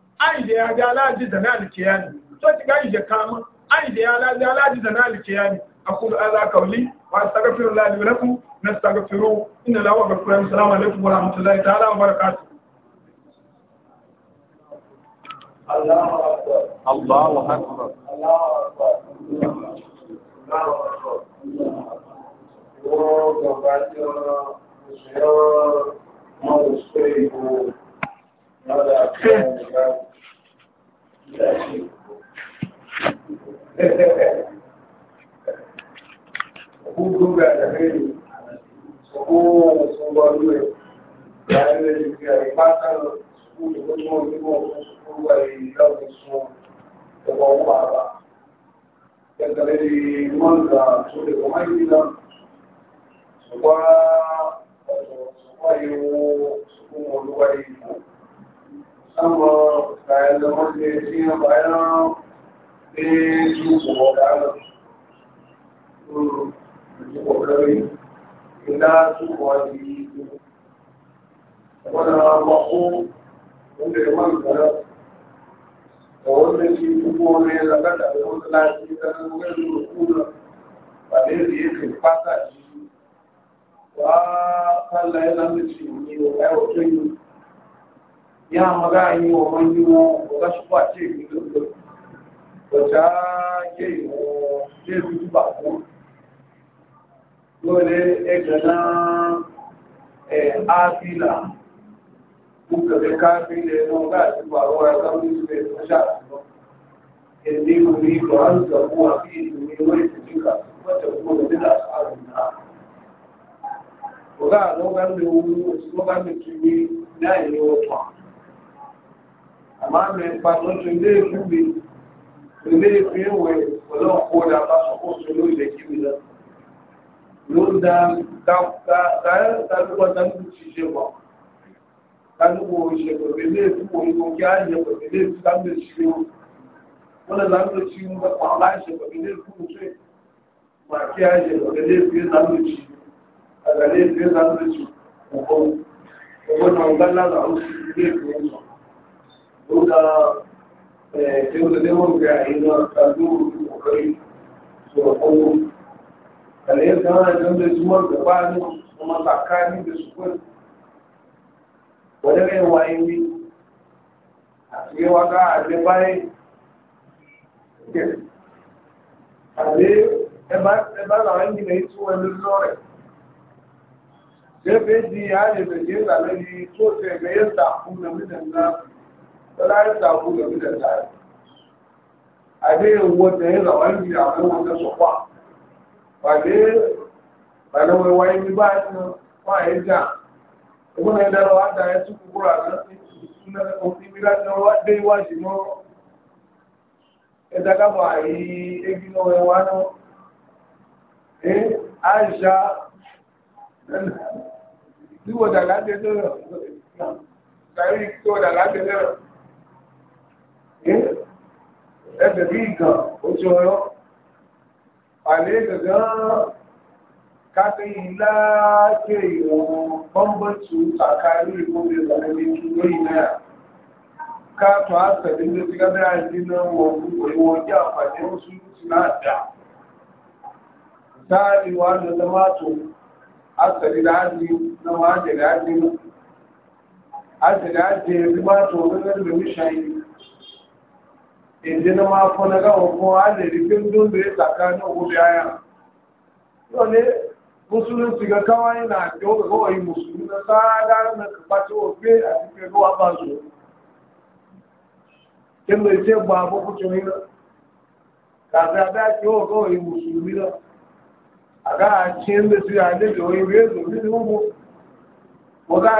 [SPEAKER 1] da ya ga alaji da na alkiyani to ti ga ya kama da ya alaji alaji da na alkiyani aqulu ala qawli wa astaghfirullahi li lakum nastaghfiru inna lahu wa ghafurun assalamu alaikum wa rahmatullahi ta'ala wa barakatuh الله أكبر الله أكبر الله أكبر الله أكبر الله أكبر Senhor, nós hudu ga da kai su kowane sun ba ruwa yayin da jikiya matan su da kuma wani kuma su kurwa ya yi lafi su da ba wa ba daga da yi wanda su da kuma yi nan su ba su ba yi su kuma wani ba yi sama kayan zaman da ya ne ne يهرعي ومن وغشوة káàkiri ẹ̀nà ọgá àti pàrọwà ẹ̀kọ́lùsílẹ̀ ìfọ́ṣà àtìlọ́ ẹ̀dẹ́ orí ìgbà àrùsọ̀kú àti ìdùnmí owó ìsìnkà àmá mi pàtó tó ilé ìfún mi ilé ìfún ìwé ọlọ́pọ̀ ọ̀dà bá tó ló ilẹ̀ kí mi lọ ló ń da tàbíkọ́ta ní ti ṣe wà tàbíkọ́ ìṣe pẹ̀lú ilé ìfún òyìnbó kí á yẹ pẹ̀lú ilé ìfún lábẹ́ ìṣe wọn wọ́n lè lábẹ́ ìṣe wọn pẹ̀lú aláìṣe pẹ̀lú ilé ìfún òṣè mà kí á yẹ pẹ̀lú ilé ìfún àgbàlẹ́ ìfún lábẹ́ ìṣe ọ̀gbọ́n ọ̀gbọ́n náà ń bá lára ó ilé ìfún ọ̀gbọ́n suna jirga neman gaye na kalu kokari su rahoto kalayyar tana jan da zuwan gabanin kuma tsakani da su kwan wadda kai wayan yi a cikin waka a ce bayan a ce ba na wani gina yi tsohon lullore sai feji ya yi to sai ga yadda kuma mutum na فلا يتعبون من الناس أبي هو تهيز وعندي يعملون من Ìwọ́n ẹ̀ kúrò àná ìṣúná òfin mi láti dé iwájú mọ́ kábọ̀ àyè náà wá Ẹ láti ẹ̀ tó rẹ̀. ẹsẹ̀ bí ìgàn oṣù ọ̀rọ̀ àlẹ́ gẹ̀gán káfí ilá ṣe ìwọ̀n bọ́m̀bọ̀tù àkárí ìgbóbi ìbàlẹ̀ ní lórí náà káàtọ̀ àtẹ̀lé ló ti gábẹ́ àìdí náà wọ̀n ìwọ̀n jẹ́ àpàdé oṣù tí náà dà sáàrí wa lọ́lọ́ máa àtẹ̀lé láti náà máa jẹ̀lẹ̀ adị náà èdè na afọ na káwọn a lè rí pé tó lè tàkà ní owó bí ayá yóò ní mùsùlùmí ga káwáyé náà àti ó gbogbo ọ̀yí mùsùlùmí o sáádá náà kàpá tí ó gbé àti pé ló wà bá zò kí ló ṣe gba àbókù o yín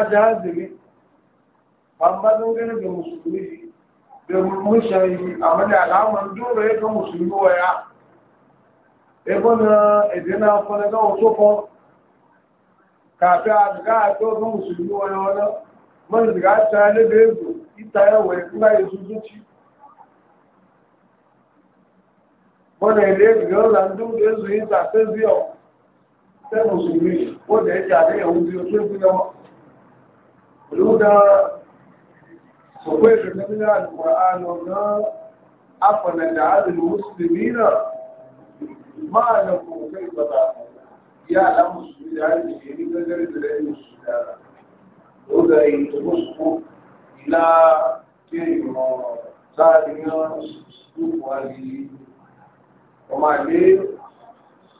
[SPEAKER 1] náà tàbí sai mun shayi a mani alaman dole ya kan musulmi waya ebe na edina kwana ga kafin a ga a to waya wani man ziga ta ne da yanzu ita kuma ya wani ya da yanzu yi sai wanda ya ya yawa. su kai da nuna alƙur'ani na afana da adil musulmi na ma'ana kokai ba za ya ala musulmi da hajji ke ni gangare da rai musulmi da ko da yi ta musu ila ke yi ma tsarin yana su kwali kuma ne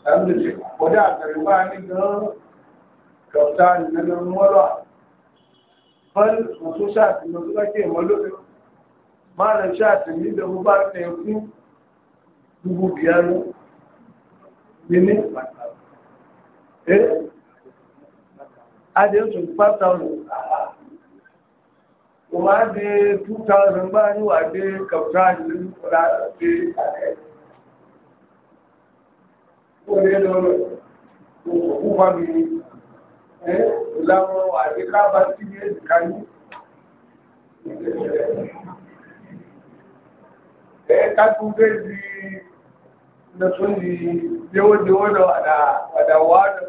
[SPEAKER 1] ɗan da ce wadda a karɓa ni ga kafta na nan mara bal wasu shati na su ake malo malam shati ni da ba ta yanku dubu biyar mini eh adé tún five thousand wọ́n á dé two thousand bá ní wà dé kàwùtà ní ọ̀la dé ó lọ́rọ̀ òkú fábìlì ìlànà àyíká bá sí ní èjìká yìí. Ẹ̀ka tún dé di na sun di yawan da wadawa da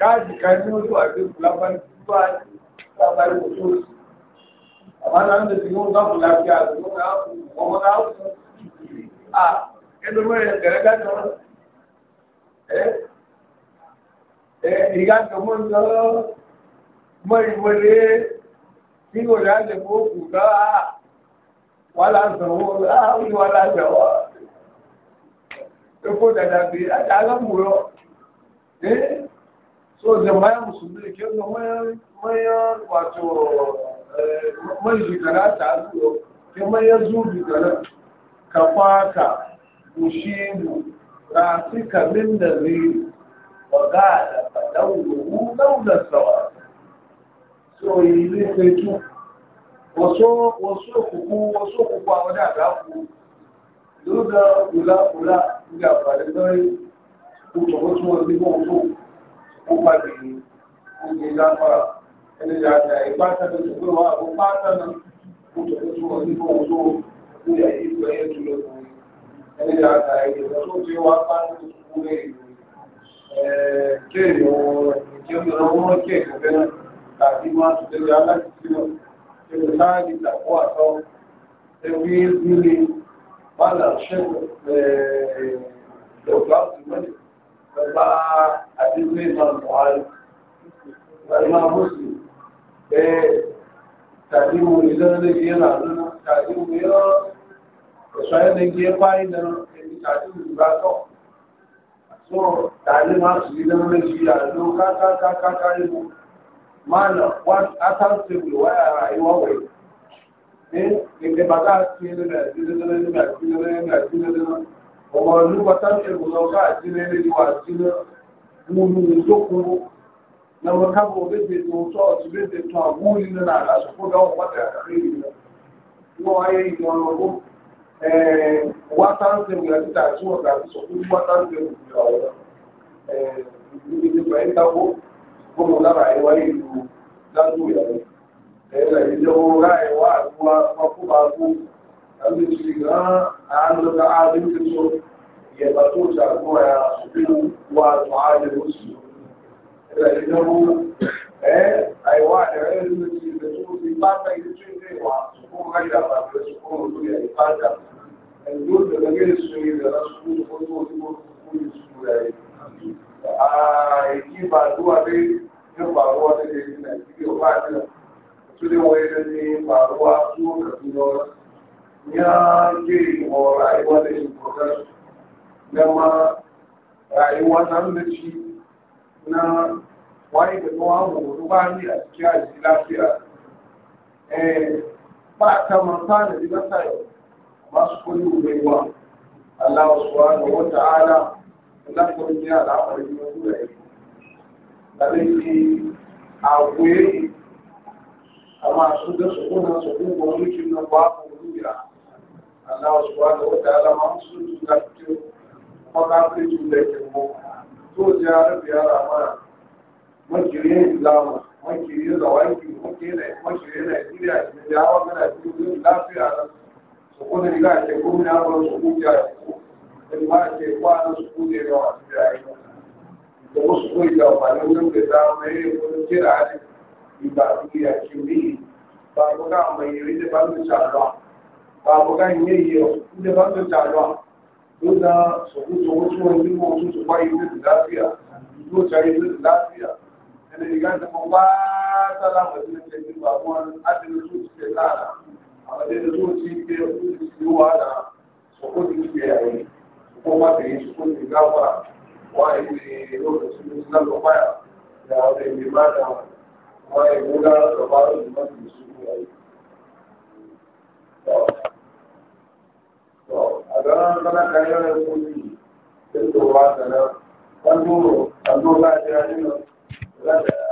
[SPEAKER 1] kaji kaji wasu a duk labar zuwa labar wasu amma na da su yau za ku lafiya da yau na haku kuma na haku a yadda mai da gare eh riga kamar da marmare kíkò dáadé fóòkù wala wà lásánwó láàrín wà lásánwó ẹkọ dàdà bí láti alámùrọ ee so ṣe mayan musulmi kí ọ̀nà mayan wato mayan jikara ta azuro kí mayan zuwa jikara ka faka mushimu rasika ka وقال da لولا السواد so ilé pẹ̀tù wọ́sọ́kùnkú wọ́sọ́kùnkú àwọn àdáàkù lóòdá òlàkùnlá ní àpàdé lọ́rí òtòkótó nígbà òtò ó pàdé oúnjẹ lápára ẹni àjà ìpátánà tó pé wà ó pátánà òtòkótó nígbà òtò ní ẹ̀yìn ìgbẹ̀yẹ̀ tó lọ́kùnrin ẹni àjà ìgbẹ̀yẹ̀ tó pé wà pátánà tó kú kéèyàn tí ó lọ wọ́n kéèyàn bẹ́ẹ̀ tàbí máa tún tẹ́lẹ̀ aláìsílọ̀ tẹ́lẹ̀ láàrín ìtàkọ́ àtọ́ ẹgbẹ́ nílé wàhálà ṣẹ́gun ẹ̀ẹ́dọ̀gbà tó mọ́lẹ̀ bàbá àdégbé máa mọ̀ ààrẹ bàbá mọ́sí ẹ̀ tàbí mo lè lọ́nà lè yẹ làánú tàbí mo yọ ọ̀ṣọ́ ayẹ́lẹ́gbẹ́ páyé náà ẹni tàbí mo bá tọ̀ so tare ka gidan majiya don kakakakaka ibu mana akan tebulu waya rayuwa a ci ne da ci ne da ne da ci ne na ci ne da ọmọ olúkọ tàbí ìwòsàn àti ilé na wọn kábọ̀ bèbè tó tọ́ tó watan zembira tita tí wọn gbà sọ fún watan zembira ọ̀rọ̀ ìlú ìdìbò ẹ̀ ń dáwó gbọ́nà lára ẹ̀wá ìlú dájú ìyàwó ẹ̀rọ ìjọba ọ̀rá ẹ̀wá àdúrà ọkùnbàbù àti ìṣì gan àádọ́ta àdúgbò tó ìyẹ̀bà tó ṣe àgbọ̀n ẹ̀ àṣùkú ti ti yanzu da game da su ne da za su kuma wasu wasu wasu kuma su yayi a yaki ba zuwa dai yin faruwa da ke yi na cikin ba a su ne wai da ne faruwa su ka su yawa ya ke wa rayuwa da yin kogar dama rayuwa na da na wani da kuma mu ba ni a cikin lafiya ba ta manfa da ji na sa masu kullu baiwa Allah subhanahu wa ta'ala nan ko da ala amari ni ku dai dai ki awe amma su da su kuna su ku ko na ba ku ruya Allah subhanahu wa ta'ala ma su su da ku ma ka ku ji da ke mu to jar biya rama makire islam makire zawaki makire makire Nigeria da yawa kana cikin lafiya su kuma riga ce gumna ba su kuja da ma ce kwanan su kuje da wasu jira'i da wasu kuwa da amfani wurin da za mu yi wurin jira ne ba su iya kimi ba ku ka mai yi da ba su taruwa ba ku ka yi yi da ba su taruwa duk da su wasu wani wasu su kwayi da lafiya su tare da lafiya kuma ba ta lamar da ba kuma adalci su ke tsara abin da zuwa ci ke yiwuwa da sukuni ke yayi kuma da yi sukuni gafa wani ne lokacin nan da baya da wani ne ba da wani guda da ba da mafi su yayi a ganin kana kayan da sukuni da tsoron da na kan duro kan duro za a jira ne za